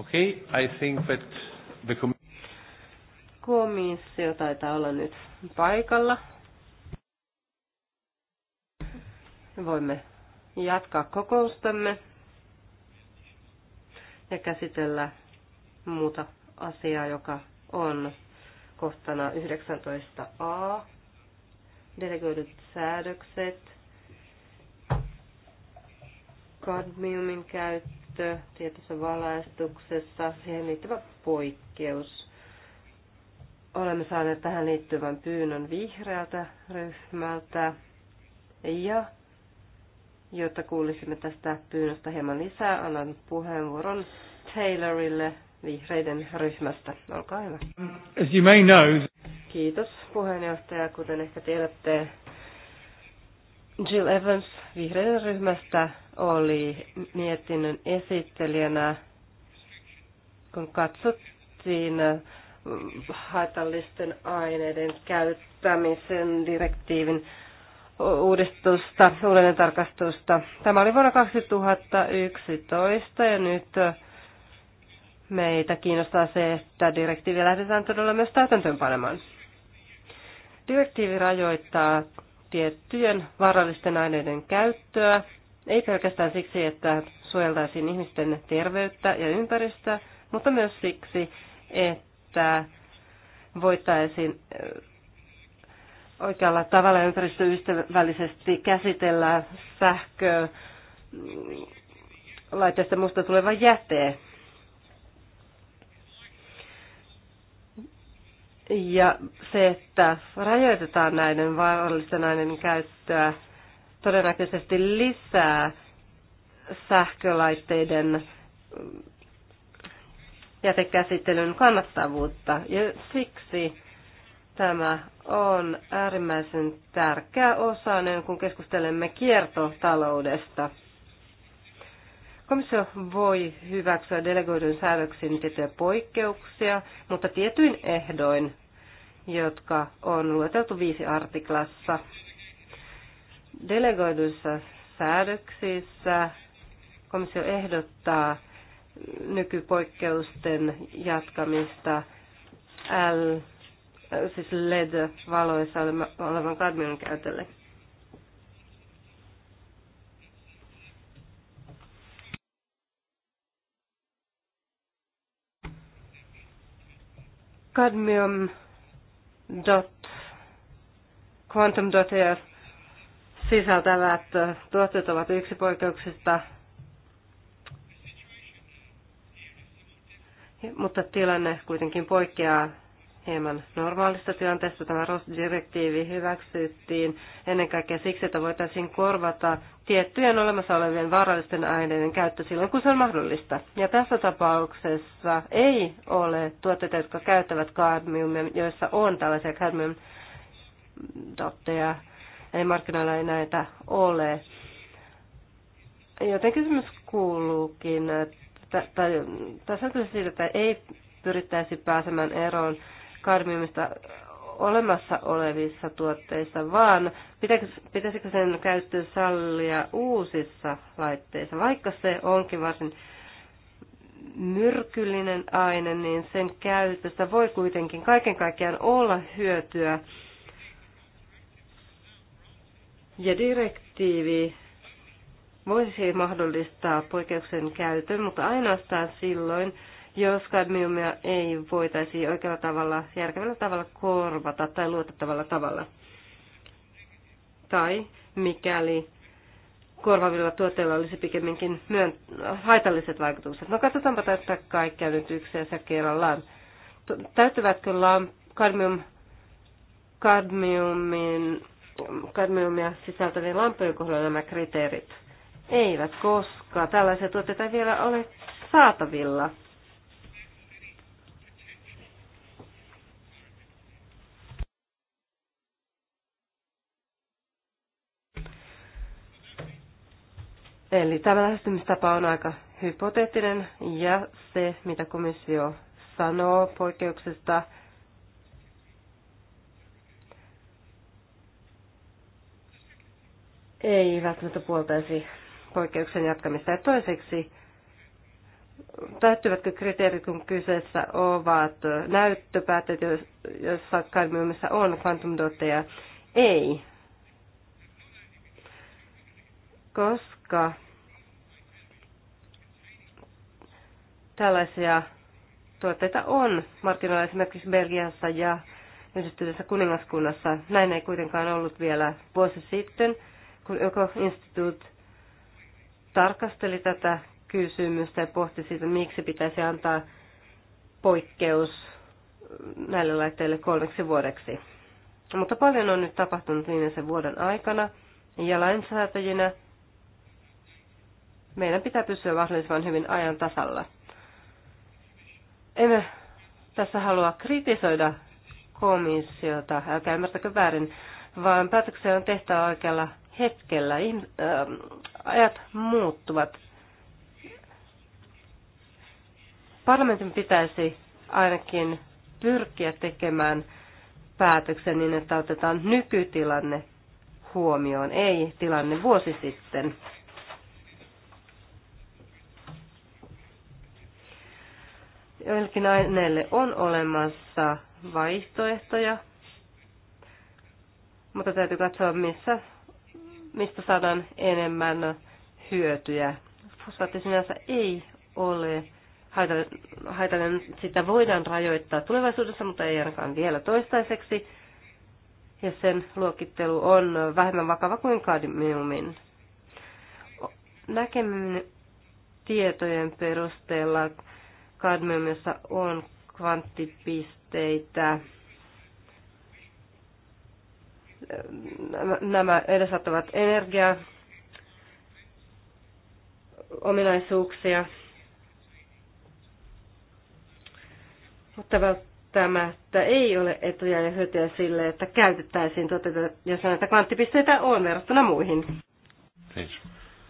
Okay, I think that the komissio taitaa olla nyt paikalla. Voimme jatkaa kokoustamme ja käsitellä muuta asiaa, joka on kohtana 19a. Delegoidut säädökset, kadmiumin käyttö käyttö tietyssä valaistuksessa, siihen liittyvä poikkeus. Olemme saaneet tähän liittyvän pyynnön vihreältä ryhmältä ja jotta kuulisimme tästä pyynnöstä hieman lisää, annan puheenvuoron Taylorille vihreiden ryhmästä. Olkaa hyvä. As you may know... Kiitos puheenjohtaja. Kuten ehkä tiedätte, Jill Evans vihreiden ryhmästä oli mietinnön esittelijänä, kun katsottiin äh, haitallisten aineiden käyttämisen direktiivin uudistusta, uudelleen tarkastusta. Tämä oli vuonna 2011 ja nyt äh, meitä kiinnostaa se, että direktiivi lähdetään todella myös täytäntöönpanemaan. Direktiivi rajoittaa tiettyjen vaarallisten aineiden käyttöä ei pelkästään siksi, että suojeltaisiin ihmisten terveyttä ja ympäristöä, mutta myös siksi, että voitaisiin oikealla tavalla ympäristöystävällisesti käsitellä sähköä, mm, laitteesta musta tuleva jäte. Ja se, että rajoitetaan näiden vaarallisten aineiden käyttöä todennäköisesti lisää sähkölaitteiden jätekäsittelyn kannattavuutta. Ja siksi tämä on äärimmäisen tärkeä osa, kun keskustelemme kiertotaloudesta. Komissio voi hyväksyä delegoidun säädöksiin tiettyjä poikkeuksia, mutta tietyin ehdoin, jotka on lueteltu viisi artiklassa. Delegoiduissa säädöksissä komissio ehdottaa nykypoikkeusten jatkamista L, siis LED-valoissa olevan kadmion käytölle. Cadmium dot quantum dot earth sisältävät tuotteet ovat yksi poikkeuksista, mutta tilanne kuitenkin poikkeaa hieman normaalista tilanteesta. Tämä ROS-direktiivi hyväksyttiin ennen kaikkea siksi, että voitaisiin korvata tiettyjen olemassa olevien vaarallisten aineiden käyttö silloin, kun se on mahdollista. Ja tässä tapauksessa ei ole tuotteita, jotka käyttävät kadmiumia, joissa on tällaisia kadmium-dotteja ei markkinoilla ei näitä ole. Joten kysymys kuuluukin, että, tässä on siitä, että ei pyrittäisi pääsemään eroon kadmiumista olemassa olevissa tuotteissa, vaan pitäisikö sen käyttö sallia uusissa laitteissa, vaikka se onkin varsin myrkyllinen aine, niin sen käytöstä voi kuitenkin kaiken kaikkiaan olla hyötyä ja direktiivi voisi mahdollistaa poikkeuksen käytön, mutta ainoastaan silloin, jos kadmiumia ei voitaisi oikealla tavalla, järkevällä tavalla korvata tai luotettavalla tavalla. Tai mikäli korvavilla tuotteilla olisi pikemminkin myön- haitalliset vaikutukset. No katsotaanpa tästä kaikkea nyt yksensä kerrallaan. Täyttyvätkö kadmium, kadmiumin kadmiumia sisältävien lampujen kohdalla nämä kriteerit? Eivät, koska tällaisia tuotteita ei vielä ole saatavilla. Eli tämä lähestymistapa on aika hypoteettinen ja se, mitä komissio sanoo poikkeuksesta, ei välttämättä puoltaisi poikkeuksen jatkamista. Ja toiseksi, täyttyvätkö kriteerit, kun kyseessä ovat näyttöpäätteet, joissa kadmiumissa on kvantumdotteja? Ei, koska tällaisia tuotteita on markkinoilla esimerkiksi Belgiassa ja Yhdistyneessä kuningaskunnassa. Näin ei kuitenkaan ollut vielä vuosi sitten – kun Öko-instituut tarkasteli tätä kysymystä ja pohti siitä, miksi pitäisi antaa poikkeus näille laitteille kolmeksi vuodeksi. Mutta paljon on nyt tapahtunut viimeisen niin, vuoden aikana ja lainsäätäjinä meidän pitää pysyä mahdollisimman hyvin ajan tasalla. Emme tässä halua kritisoida komissiota, älkää ymmärtäkö väärin, vaan päätöksiä on tehtävä oikealla hetkellä. Ähm, ajat muuttuvat. Parlamentin pitäisi ainakin pyrkiä tekemään päätöksen niin, että otetaan nykytilanne huomioon, ei tilanne vuosi sitten. Joillekin aineille on olemassa vaihtoehtoja, mutta täytyy katsoa, missä mistä saadaan enemmän hyötyjä. Fosfaatti sinänsä ei ole haitallinen, sitä voidaan rajoittaa tulevaisuudessa, mutta ei ainakaan vielä toistaiseksi. Ja sen luokittelu on vähemmän vakava kuin kadmiumin. Näkeminen tietojen perusteella kadmiumissa on kvanttipisteitä nämä edesauttavat energiaa, ominaisuuksia, mutta välttämättä ei ole etuja ja hyötyjä sille, että käytettäisiin tuotteita, jos näitä kvanttipisteitä on verrattuna muihin. Niin,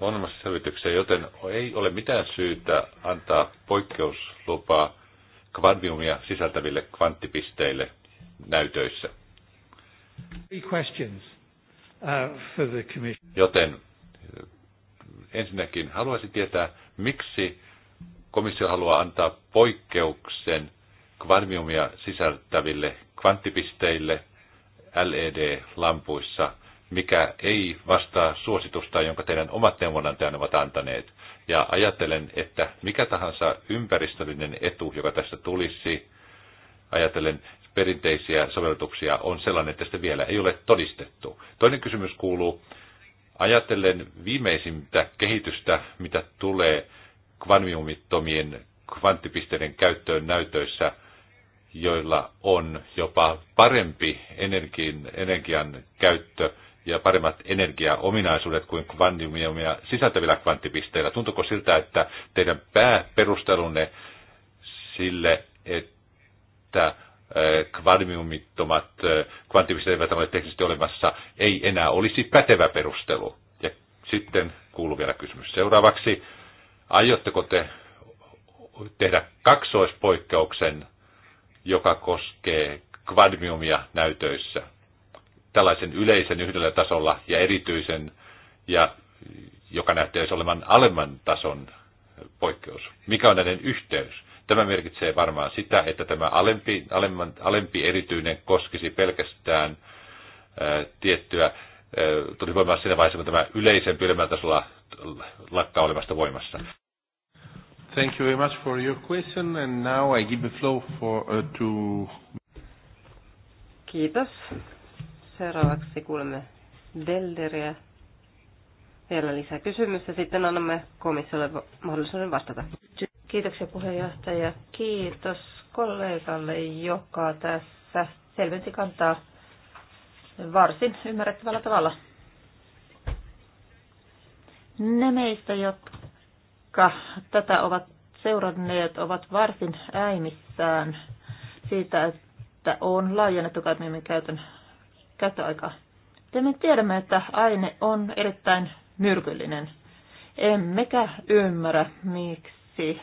on olemassa selvityksiä, joten ei ole mitään syytä antaa poikkeuslupaa kvantiumia sisältäville kvanttipisteille näytöissä. Uh, Joten ensinnäkin haluaisin tietää, miksi komissio haluaa antaa poikkeuksen kvarmiumia sisältäville kvanttipisteille LED-lampuissa, mikä ei vastaa suositusta, jonka teidän omat neuvonantajanne ovat antaneet. Ja ajattelen, että mikä tahansa ympäristöllinen etu, joka tästä tulisi, ajatellen perinteisiä sovellutuksia on sellainen, että sitä vielä ei ole todistettu. Toinen kysymys kuuluu, ajatellen viimeisintä kehitystä, mitä tulee kvantiumittomien kvanttipisteiden käyttöön näytöissä, joilla on jopa parempi energian, energian käyttö ja paremmat energiaominaisuudet kuin kvantiumia sisältävillä kvanttipisteillä. Tuntuuko siltä, että teidän pääperustelunne sille, että Eh, kvadmiumittomat, eh, kvanttipisteet eivät ole teknisesti olemassa, ei enää olisi pätevä perustelu. Ja sitten kuuluu vielä kysymys seuraavaksi. Aiotteko te tehdä kaksoispoikkeuksen, joka koskee kvadmiumia näytöissä? Tällaisen yleisen yhdellä tasolla ja erityisen, ja joka näyttäisi olevan alemman tason poikkeus. Mikä on näiden yhteys? Tämä merkitsee varmaan sitä, että tämä alempi, alemman, alempi erityinen koskisi pelkästään ää, tiettyä, tuli voimaan siinä vaiheessa, kun tämä yleisempi ylemmällä tasolla lakkaa olemasta voimassa. Thank you very much for your question, and now I give the floor for, uh, to... Kiitos. Seuraavaksi kuulemme Delderiä. Vielä lisää kysymystä, sitten annamme komissiolle mahdollisuuden vastata. Kiitoksia puheenjohtaja. Kiitos kollegalle, joka tässä selvensi kantaa varsin ymmärrettävällä tavalla. Ne meistä, jotka tätä ovat seuranneet, ovat varsin äimissään siitä, että on laajennettu kadmiumin käytön käyttöaikaa. Ja me tiedämme, että aine on erittäin myrkyllinen. Emmekä ymmärrä, miksi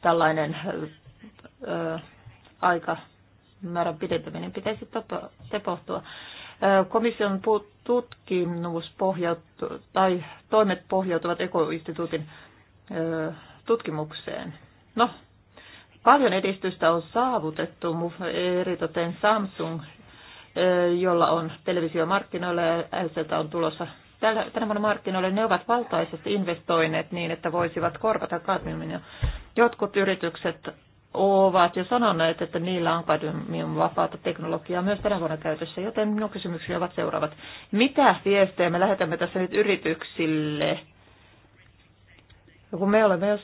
tällainen ö, aika määrän pidentäminen pitäisi tapahtua. Komission tutkimus pohjautuu, tai toimet pohjautuvat ekoinstituutin tutkimukseen. No, paljon edistystä on saavutettu, eritoten Samsung, jolla on televisiomarkkinoilla ja LCtä on tulossa tänä vuonna markkinoille, ne ovat valtaisesti investoineet niin, että voisivat korvata kadmiumin ja Jotkut yritykset ovat jo sanoneet, että niillä on kadmium vapaata teknologiaa myös tänä vuonna käytössä, joten minun kysymykseni ovat seuraavat. Mitä viestejä me lähetämme tässä nyt yrityksille, kun me olemme jo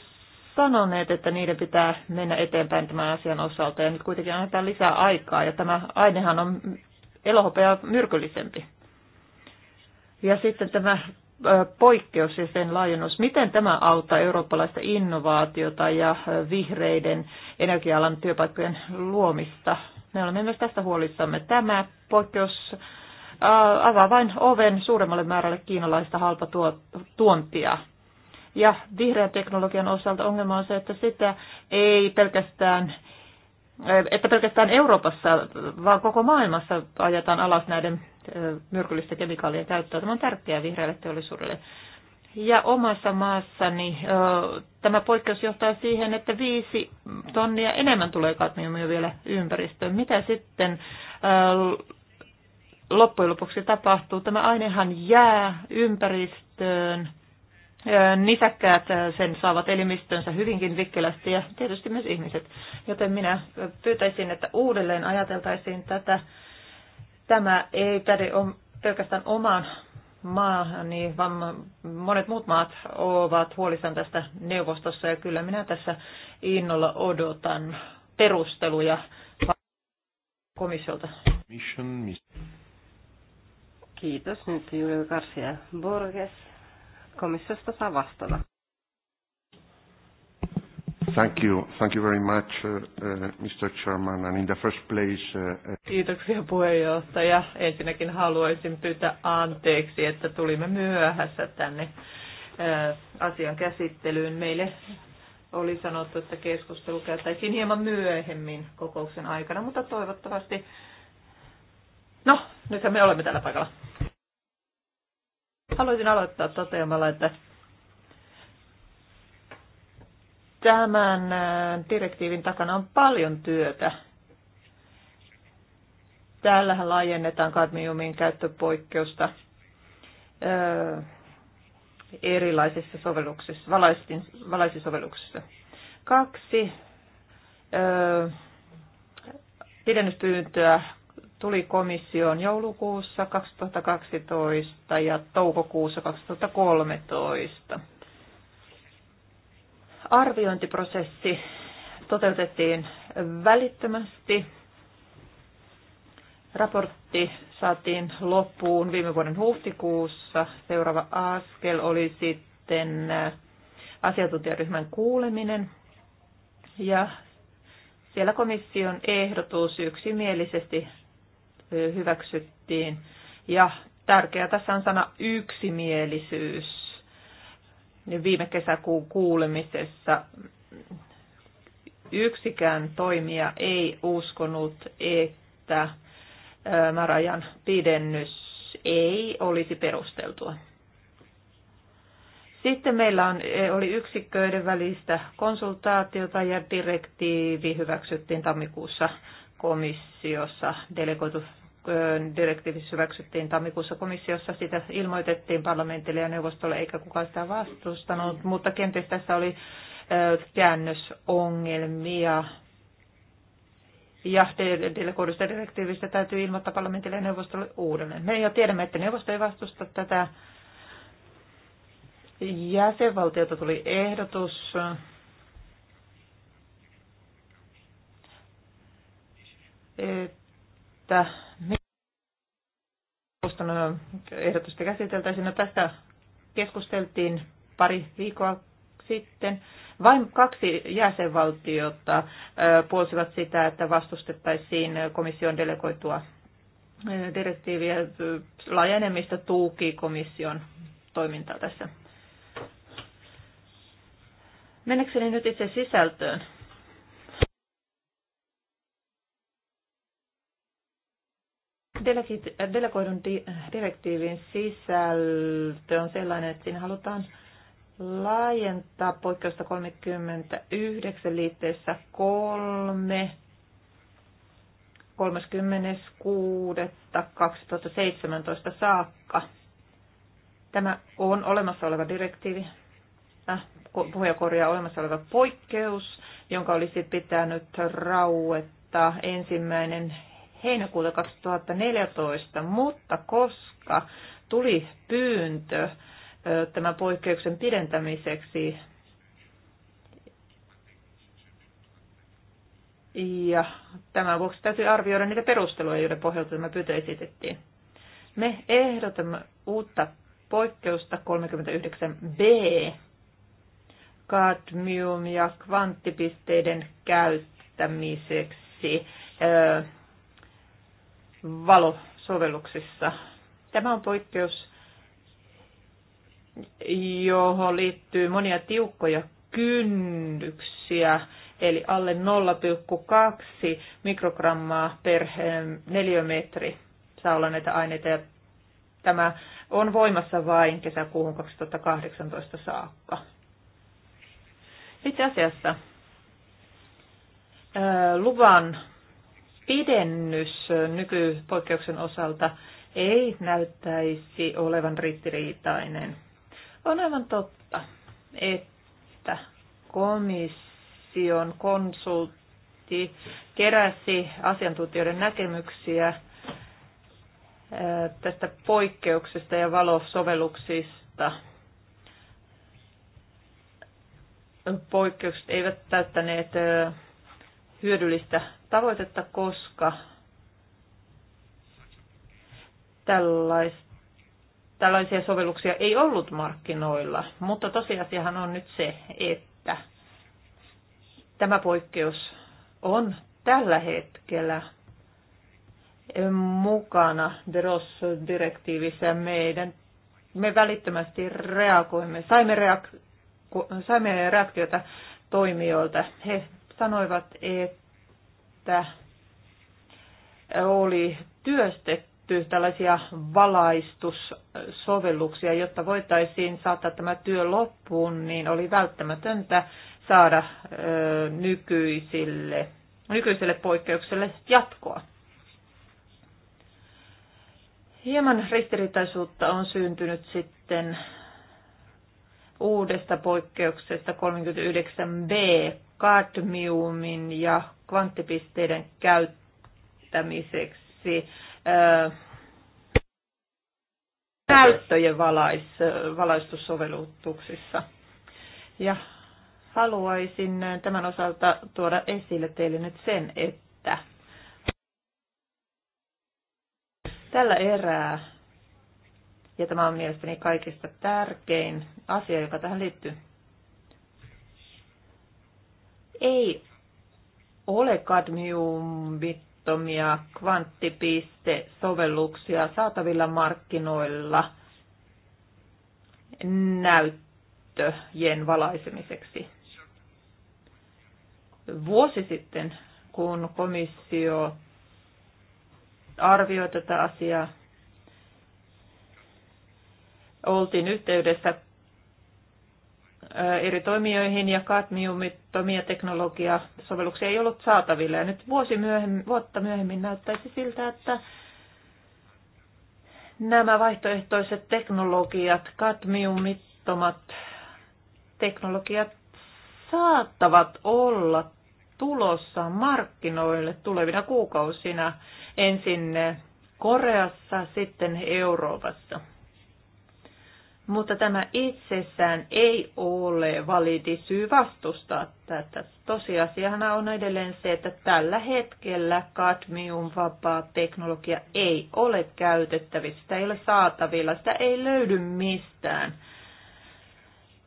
sanoneet, että niiden pitää mennä eteenpäin tämän asian osalta ja nyt kuitenkin annetaan lisää aikaa ja tämä ainehan on elohopea myrkyllisempi. Ja sitten tämä poikkeus ja sen laajennus. Miten tämä auttaa eurooppalaista innovaatiota ja vihreiden energialan työpaikkojen luomista? Me olemme myös tästä huolissamme. Tämä poikkeus avaa vain oven suuremmalle määrälle kiinalaista halpatuontia. Ja vihreän teknologian osalta ongelma on se, että sitä ei pelkästään että pelkästään Euroopassa, vaan koko maailmassa ajetaan alas näiden Äh, myrkyllistä kemikaalia käyttöä. Tämä on tärkeää vihreälle teollisuudelle. Ja omassa maassani ö, äh, tämä poikkeus johtaa siihen, että viisi tonnia enemmän tulee kadmiumia vielä ympäristöön. Mitä sitten ö, äh, loppujen lopuksi tapahtuu? Tämä ainehan jää ympäristöön. Nisäkkäät sen saavat elimistönsä hyvinkin vikkelästi ja tietysti myös ihmiset. Joten minä pyytäisin, että uudelleen ajateltaisiin tätä Tämä ei päde pelkästään omaan maahan, niin vaan monet muut maat ovat huolissaan tästä neuvostossa ja kyllä minä tässä innolla odotan perusteluja komissiolta. Kiitos. Nyt Julio Garcia Borges komissiosta saa vastata. Thank you. Thank you very much, uh, uh, Mr. Chairman. And in the first place... Uh, Kiitoksia puheenjohtaja. Ensinnäkin haluaisin pyytää anteeksi, että tulimme myöhässä tänne äh, asian käsittelyyn. Meille oli sanottu, että keskustelu käytäisiin hieman myöhemmin kokouksen aikana, mutta toivottavasti... No, nythän me olemme tällä paikalla. Haluaisin aloittaa toteamalla, että tämän äh, direktiivin takana on paljon työtä. Täällähän laajennetaan kadmiumin käyttöpoikkeusta äh, erilaisissa sovelluksissa, valaisisovelluksissa. Kaksi äh, pidennyspyyntöä tuli komissioon joulukuussa 2012 ja toukokuussa 2013 arviointiprosessi toteutettiin välittömästi. Raportti saatiin loppuun viime vuoden huhtikuussa. Seuraava askel oli sitten äh, asiantuntijaryhmän kuuleminen ja siellä komission ehdotus yksimielisesti äh, hyväksyttiin ja tärkeää tässä on sana yksimielisyys viime kesäkuun kuulemisessa yksikään toimija ei uskonut, että määräajan pidennys ei olisi perusteltua. Sitten meillä on, oli yksikköiden välistä konsultaatiota ja direktiivi hyväksyttiin tammikuussa komissiossa delegoitu direktiivissä hyväksyttiin tammikuussa komissiossa. Sitä ilmoitettiin parlamentille ja neuvostolle, eikä kukaan sitä vastustanut, mutta kenties tässä oli käännösongelmia. Ja delegoidusta direktiivistä täytyy ilmoittaa parlamentille ja neuvostolle uudelleen. Me jo tiedämme, että neuvosto ei vastusta tätä. Jäsenvaltiota tuli ehdotus että neuvoston ehdotusta käsiteltäisiin. No tästä keskusteltiin pari viikkoa sitten. Vain kaksi jäsenvaltiota puolsivat sitä, että vastustettaisiin komission delegoitua direktiiviä. Laajenemista tuuki komission toimintaa tässä. Mennäkseni nyt itse sisältöön. delegoidun direktiivin sisältö on sellainen, että siinä halutaan laajentaa poikkeusta 39 liitteessä 3 30.6.2017 saakka. Tämä on olemassa oleva direktiivi, äh, puheenjohtaja olemassa oleva poikkeus, jonka olisi pitänyt rauettaa ensimmäinen heinäkuuta 2014, mutta koska tuli pyyntö tämän poikkeuksen pidentämiseksi ja tämän vuoksi täytyy arvioida niitä perusteluja, joiden pohjalta tämä pyyntö esitettiin. Me ehdotamme uutta poikkeusta 39b kadmium- ja kvanttipisteiden käyttämiseksi valosovelluksissa. Tämä on poikkeus, johon liittyy monia tiukkoja kynnyksiä, eli alle 0,2 mikrogrammaa per eh, neliömetri saa olla näitä aineita ja tämä on voimassa vain kesäkuuhun 2018 saakka. Itse asiassa eh, luvan pidennys nykypoikkeuksen osalta ei näyttäisi olevan ristiriitainen. On aivan totta, että komission konsultti keräsi asiantuntijoiden näkemyksiä äh, tästä poikkeuksesta ja valosovelluksista. Poikkeukset eivät täyttäneet äh, hyödyllistä tavoitetta, koska tällais, tällaisia sovelluksia ei ollut markkinoilla. Mutta tosiasiahan on nyt se, että tämä poikkeus on tällä hetkellä mukana DROS-direktiivissä meidän me välittömästi reagoimme, saimme, reak, saimme reaktiota toimijoilta. He sanoivat, että oli työstetty tällaisia valaistussovelluksia, jotta voitaisiin saattaa tämä työ loppuun, niin oli välttämätöntä saada nykyisille, nykyiselle poikkeukselle jatkoa. Hieman ristiriitaisuutta on syntynyt sitten uudesta poikkeuksesta 39b kadmiumin ja kvanttipisteiden käyttämiseksi näyttöjen valais, valaistussovellutuksissa. Ja haluaisin tämän osalta tuoda esille teille nyt sen, että tällä erää, ja tämä on mielestäni kaikista tärkein asia, joka tähän liittyy, ei ole kadmiumbittomia kvanttipiste-sovelluksia saatavilla markkinoilla näyttöjen valaisemiseksi. Vuosi sitten, kun komissio arvioi tätä asiaa, oltiin yhteydessä eri toimijoihin ja kadmiumittomia teknologiasovelluksia ei ollut saatavilla. Ja nyt vuosi myöhemmin, vuotta myöhemmin näyttäisi siltä, että nämä vaihtoehtoiset teknologiat, kadmiumittomat teknologiat saattavat olla tulossa markkinoille tulevina kuukausina ensin Koreassa, sitten Euroopassa. Mutta tämä itsessään ei ole validi syy vastustaa tätä. Tosiasiahan on edelleen se, että tällä hetkellä kadmiumvapaa teknologia ei ole käytettävissä, sitä ei ole saatavilla, sitä ei löydy mistään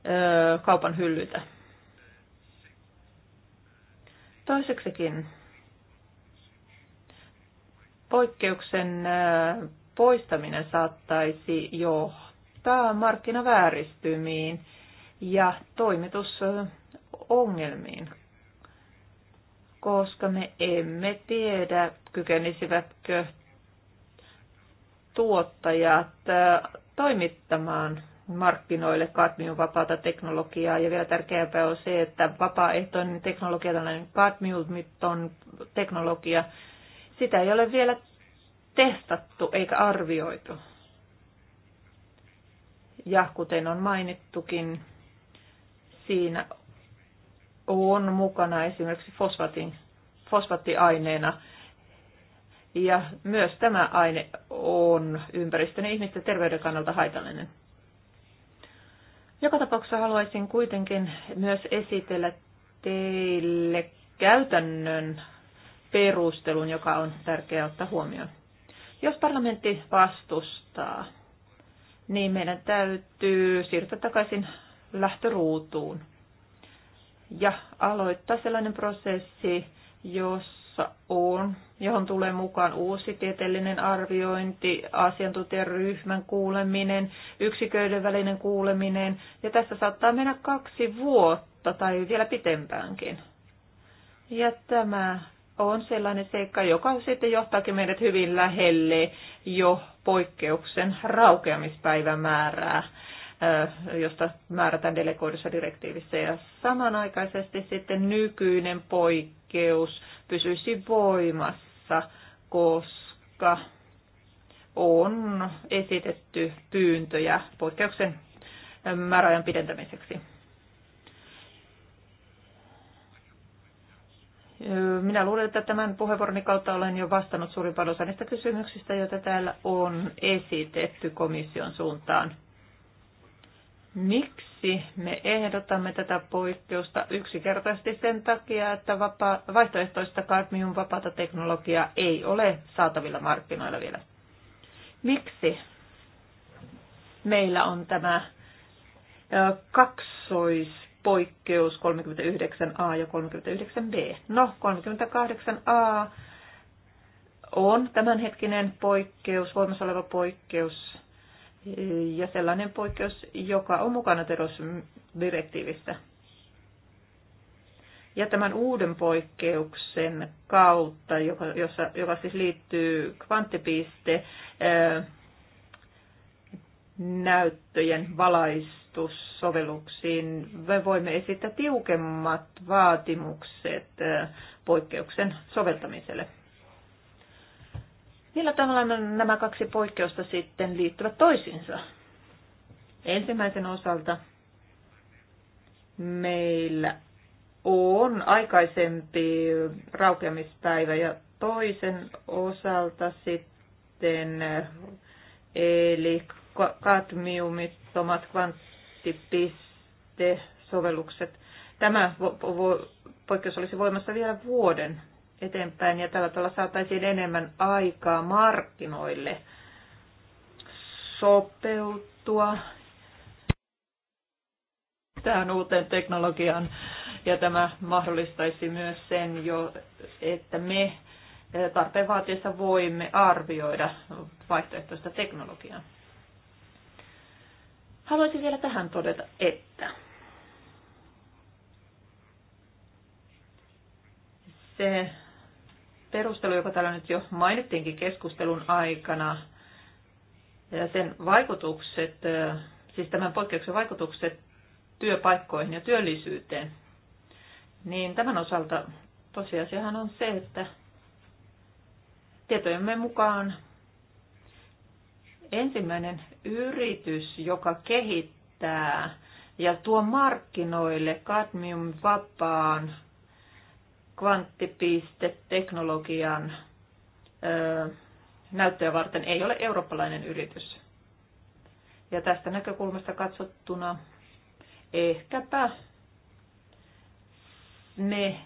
öö, kaupan hyllytä. Toiseksikin poikkeuksen poistaminen saattaisi jo johtaa markkinavääristymiin ja toimitusongelmiin, koska me emme tiedä, kykenisivätkö tuottajat äh, toimittamaan markkinoille kadmiumvapaata teknologiaa. Ja vielä tärkeämpää on se, että vapaaehtoinen teknologia, tällainen kadmiumiton teknologia, sitä ei ole vielä testattu eikä arvioitu. Ja kuten on mainittukin, siinä on mukana esimerkiksi fosfatin, fosfaattiaineena. Ja myös tämä aine on ympäristön ja ihmisten terveyden kannalta haitallinen. Joka tapauksessa haluaisin kuitenkin myös esitellä teille käytännön perustelun, joka on tärkeää ottaa huomioon. Jos parlamentti vastustaa niin meidän täytyy siirtyä takaisin lähtöruutuun ja aloittaa sellainen prosessi, jossa on, johon tulee mukaan uusi tieteellinen arviointi, asiantuntijaryhmän kuuleminen, yksiköiden välinen kuuleminen, ja tässä saattaa mennä kaksi vuotta tai vielä pitempäänkin. Ja tämä on sellainen seikka, joka sitten johtaakin meidät hyvin lähelle jo poikkeuksen raukeamispäivämäärää josta määrätään delegoidussa direktiivissä. Ja samanaikaisesti sitten nykyinen poikkeus pysyisi voimassa, koska on esitetty pyyntöjä poikkeuksen määräajan pidentämiseksi. Minä luulen, että tämän puheenvuoroni kautta olen jo vastannut suurimpaan osa niistä kysymyksistä, joita täällä on esitetty komission suuntaan. Miksi me ehdotamme tätä poikkeusta? Yksinkertaisesti sen takia, että vapa- vaihtoehtoista kadmium vapaata teknologiaa ei ole saatavilla markkinoilla vielä. Miksi meillä on tämä kaksois poikkeus 39a ja 39b. No, 38a on tämänhetkinen poikkeus, voimassa oleva poikkeus ja sellainen poikkeus, joka on mukana terveysdirektiivissä. Ja tämän uuden poikkeuksen kautta, joka, jossa, joka siis liittyy kvanttipiste näyttöjen valais, kalastussovelluksiin me voimme esittää tiukemmat vaatimukset poikkeuksen soveltamiselle. Millä tavalla nämä kaksi poikkeusta sitten liittyvät toisiinsa? Ensimmäisen osalta meillä on aikaisempi raukeamispäivä ja toisen osalta sitten eli kadmiumittomat kontaktipiste-sovellukset. Tämä poikkeus olisi voimassa vielä vuoden eteenpäin ja tällä tavalla saataisiin enemmän aikaa markkinoille sopeutua tähän uuteen teknologiaan. Ja tämä mahdollistaisi myös sen jo, että me eh, tarpeen vaatiessa voimme arvioida vaihtoehtoista teknologiaa. Haluaisin vielä tähän todeta, että se perustelu, joka täällä nyt jo mainittiinkin keskustelun aikana, ja sen vaikutukset, siis tämän poikkeuksen vaikutukset työpaikkoihin ja työllisyyteen, niin tämän osalta tosiasiahan on se, että tietojemme mukaan ensimmäinen yritys, joka kehittää ja tuo markkinoille kadmiumvapaan kvanttipisteteknologian näyttöä varten ei ole eurooppalainen yritys. Ja tästä näkökulmasta katsottuna ehkäpä me,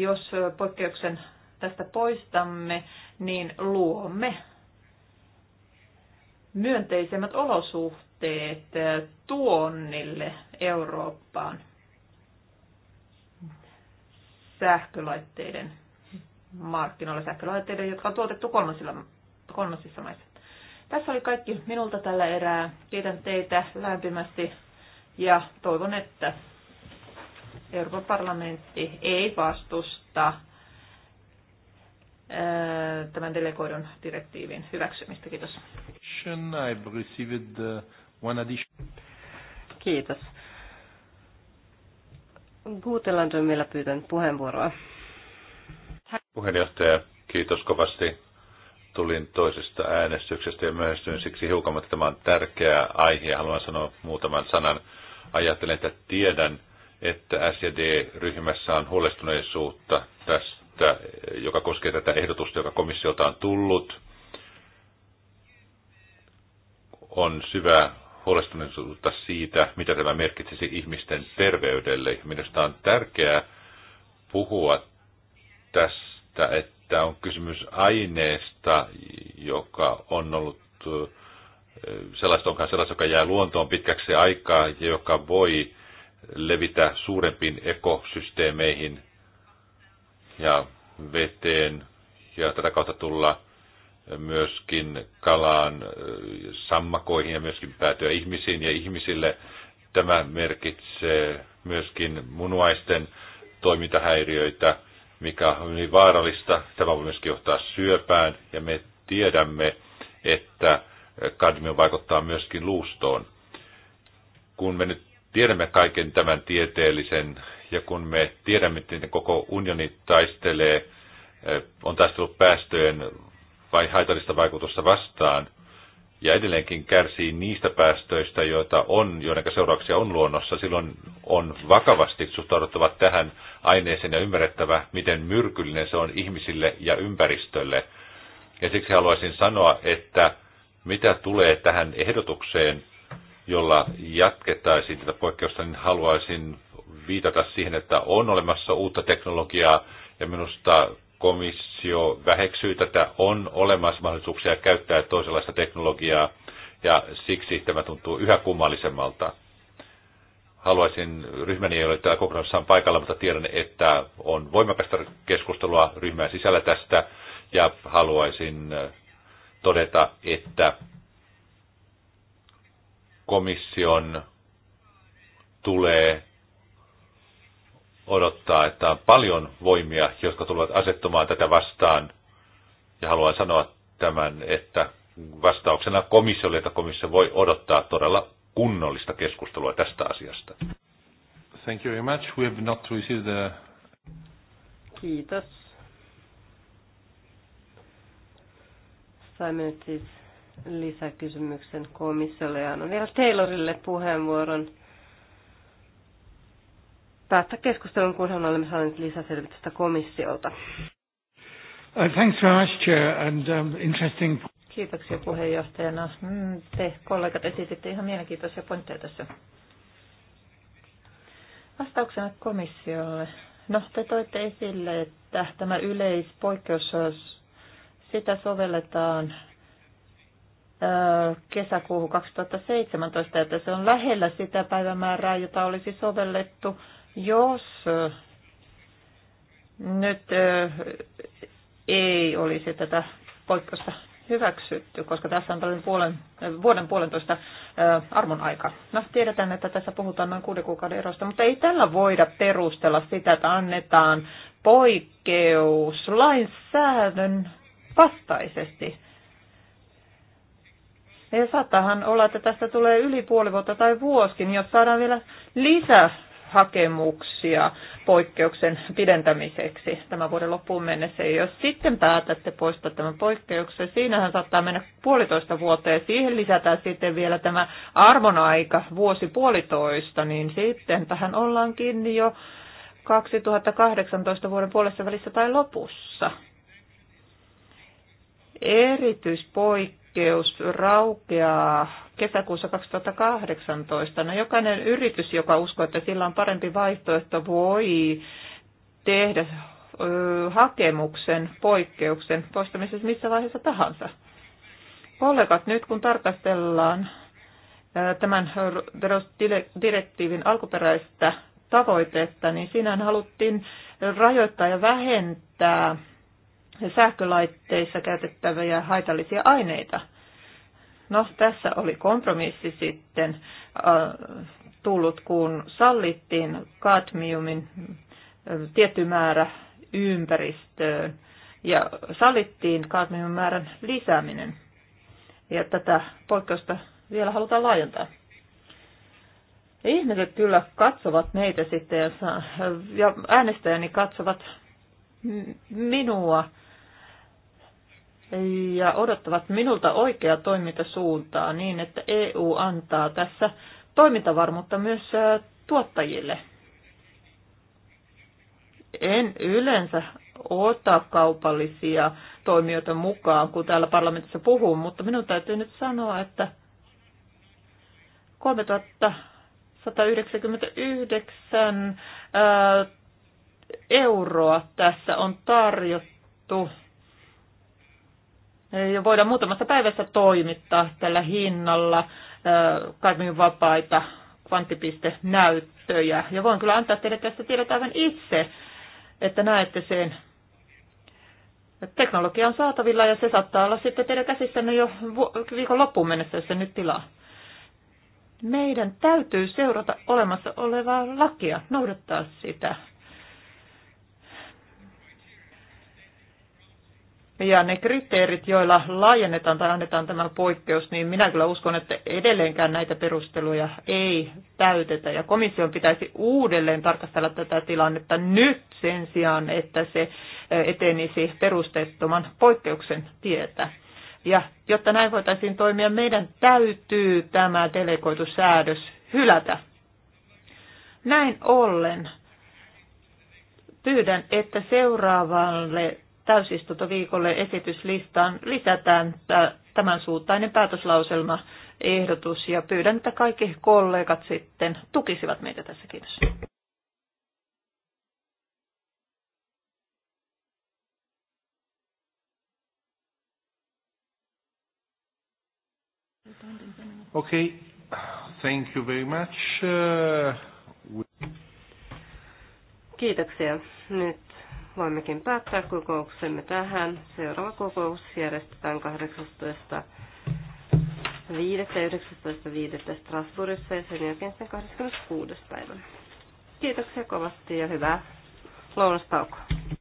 jos poikkeuksen tästä poistamme, niin luomme myönteisemmät olosuhteet eh, tuonnille Eurooppaan sähkölaitteiden markkinoilla, sähkölaitteiden, jotka on tuotettu kolmansissa maissa. Tässä oli kaikki minulta tällä erää. Kiitän teitä lämpimästi ja toivon, että Euroopan parlamentti ei vastusta tämän delegoidun direktiivin hyväksymistä. Kiitos. Kiitos. Guteland on vielä pyytänyt puheenvuoroa. Puheenjohtaja, kiitos kovasti. Tulin toisesta äänestyksestä ja myöhästyin siksi hiukan, mutta tämä on tärkeä aihe. Haluan sanoa muutaman sanan. Ajattelen, että tiedän, että SD-ryhmässä on huolestuneisuutta tästä että, joka koskee tätä ehdotusta, joka komissiolta on tullut, on syvää huolestuneisuutta siitä, mitä tämä merkitsisi ihmisten terveydelle. Minusta on tärkeää puhua tästä, että on kysymys aineesta, joka on ollut sellaista, onkaan sellaista, joka jää luontoon pitkäksi aikaa ja joka voi levitä suurempiin ekosysteemeihin ja veteen ja tätä kautta tulla myöskin kalaan, äh, sammakoihin ja myöskin päätyä ihmisiin ja ihmisille. Tämä merkitsee myöskin munuaisten toimintahäiriöitä, mikä on hyvin vaarallista. Tämä voi myöskin johtaa syöpään ja me tiedämme, että kadmio vaikuttaa myöskin luustoon. Kun me nyt tiedämme kaiken tämän tieteellisen ja kun me tiedämme, että koko unioni taistelee, eh, on taistellut päästöjen vai haitallista vaikutusta vastaan, ja edelleenkin kärsii niistä päästöistä, joita on, joiden seurauksia on luonnossa, silloin on vakavasti suhtauduttava tähän aineeseen ja ymmärrettävä, miten myrkyllinen se on ihmisille ja ympäristölle. Ja siksi haluaisin sanoa, että mitä tulee tähän ehdotukseen, jolla jatketaisiin tätä poikkeusta, niin haluaisin viitata siihen, että on olemassa uutta teknologiaa ja minusta komissio väheksyy tätä, on olemassa mahdollisuuksia käyttää toisenlaista teknologiaa ja siksi tämä tuntuu yhä kummallisemmalta. Haluaisin, ryhmäni ei ole täällä kokonaisessaan paikalla, mutta tiedän, että on voimakasta keskustelua ryhmän sisällä tästä ja haluaisin äh, todeta, että komission tulee odottaa, että on paljon voimia, jotka tulevat asettumaan tätä vastaan. Ja haluan sanoa tämän, että vastauksena komissiolle, että komissio voi odottaa todella kunnollista keskustelua tästä asiasta. Thank you very much. We have not received the... Kiitos. Saimme nyt siis lisäkysymyksen komissiolle ja annan vielä Taylorille puheenvuoron päästä keskustelun, kunhan olemme saaneet lisäselvitystä komissiolta. Uh, um, Kiitoksia puheenjohtajana. No, mm, te kollegat esititte ihan mielenkiintoisia pointteja tässä. Vastauksena komissiolle. No, te toitte esille, että tämä yleispoikkeus, sitä sovelletaan kesäkuuhun 2017, että se on lähellä sitä päivämäärää, jota olisi sovellettu jos äh, nyt äh, ei olisi tätä poikkeusta hyväksytty, koska tässä on tällainen puolen, äh, vuoden puolentoista armon aika. No, tiedetään, että tässä puhutaan noin kuuden kuukauden erosta, mutta ei tällä voida perustella sitä, että annetaan poikkeus lainsäädön vastaisesti. Ja saattahan olla, että tästä tulee yli puoli vuotta tai vuosikin, jos saadaan vielä lisää hakemuksia poikkeuksen pidentämiseksi tämän vuoden loppuun mennessä. Ja jos sitten päätätte poistaa tämän poikkeuksen, siinähän saattaa mennä puolitoista vuotta ja siihen lisätään sitten vielä tämä armonaika vuosi puolitoista, niin sitten tähän ollaankin jo 2018 vuoden puolessa välissä tai lopussa. Erityispoikkeus poikkeus raukeaa kesäkuussa 2018. No jokainen yritys, joka uskoo, että sillä on parempi vaihtoehto, voi tehdä hakemuksen poikkeuksen poistamisessa missä vaiheessa tahansa. Kollegat, nyt kun tarkastellaan tämän direktiivin alkuperäistä tavoitetta, niin siinä haluttiin rajoittaa ja vähentää sähkölaitteissa käytettäviä haitallisia aineita. No, tässä oli kompromissi sitten äh, tullut, kun sallittiin kadmiumin äh, tietty määrä ympäristöön ja sallittiin kadmiumin määrän lisääminen. Ja tätä poikkeusta vielä halutaan laajentaa. Ja ihmiset kyllä katsovat meitä sitten ja äänestäjäni katsovat minua ja odottavat minulta oikeaa toimintasuuntaa niin, että EU antaa tässä toimintavarmuutta myös tuottajille. En yleensä ota kaupallisia toimijoita mukaan, kun täällä parlamentissa puhun, mutta minun täytyy nyt sanoa, että 3199 euroa tässä on tarjottu ja voidaan muutamassa päivässä toimittaa tällä hinnalla kadmium vapaita kvanttipistenäyttöjä. Ja voin kyllä antaa teille tästä tiedot aivan itse, että näette sen. Teknologia on saatavilla ja se saattaa olla sitten teidän käsissänne jo viikon loppuun mennessä, jos se nyt tilaa. Meidän täytyy seurata olemassa olevaa lakia, noudattaa sitä. ja ne kriteerit, joilla laajennetaan tai annetaan tämä poikkeus, niin minä kyllä uskon, että edelleenkään näitä perusteluja ei täytetä. Ja komission pitäisi uudelleen tarkastella tätä tilannetta nyt sen sijaan, että se eh, etenisi perusteettoman poikkeuksen tietä. Ja jotta näin voitaisiin toimia, meidän täytyy tämä delegoitusäädös hylätä. Näin ollen pyydän, että seuraavalle täysistuntoviikolle esityslistaan lisätään tämän suuntainen päätöslauselma ehdotus ja pyydän, että kaikki kollegat sitten tukisivat meitä tässä. Kiitos. Okay. Thank you very much. Uh, Kiitoksia. Nyt voimmekin päättää kokouksemme tähän. Seuraava kokous järjestetään 18. 5.19.5. Strasbourgissa ja sen jälkeen sen 26. päivänä. Kiitoksia kovasti ja hyvää lounastaukoa.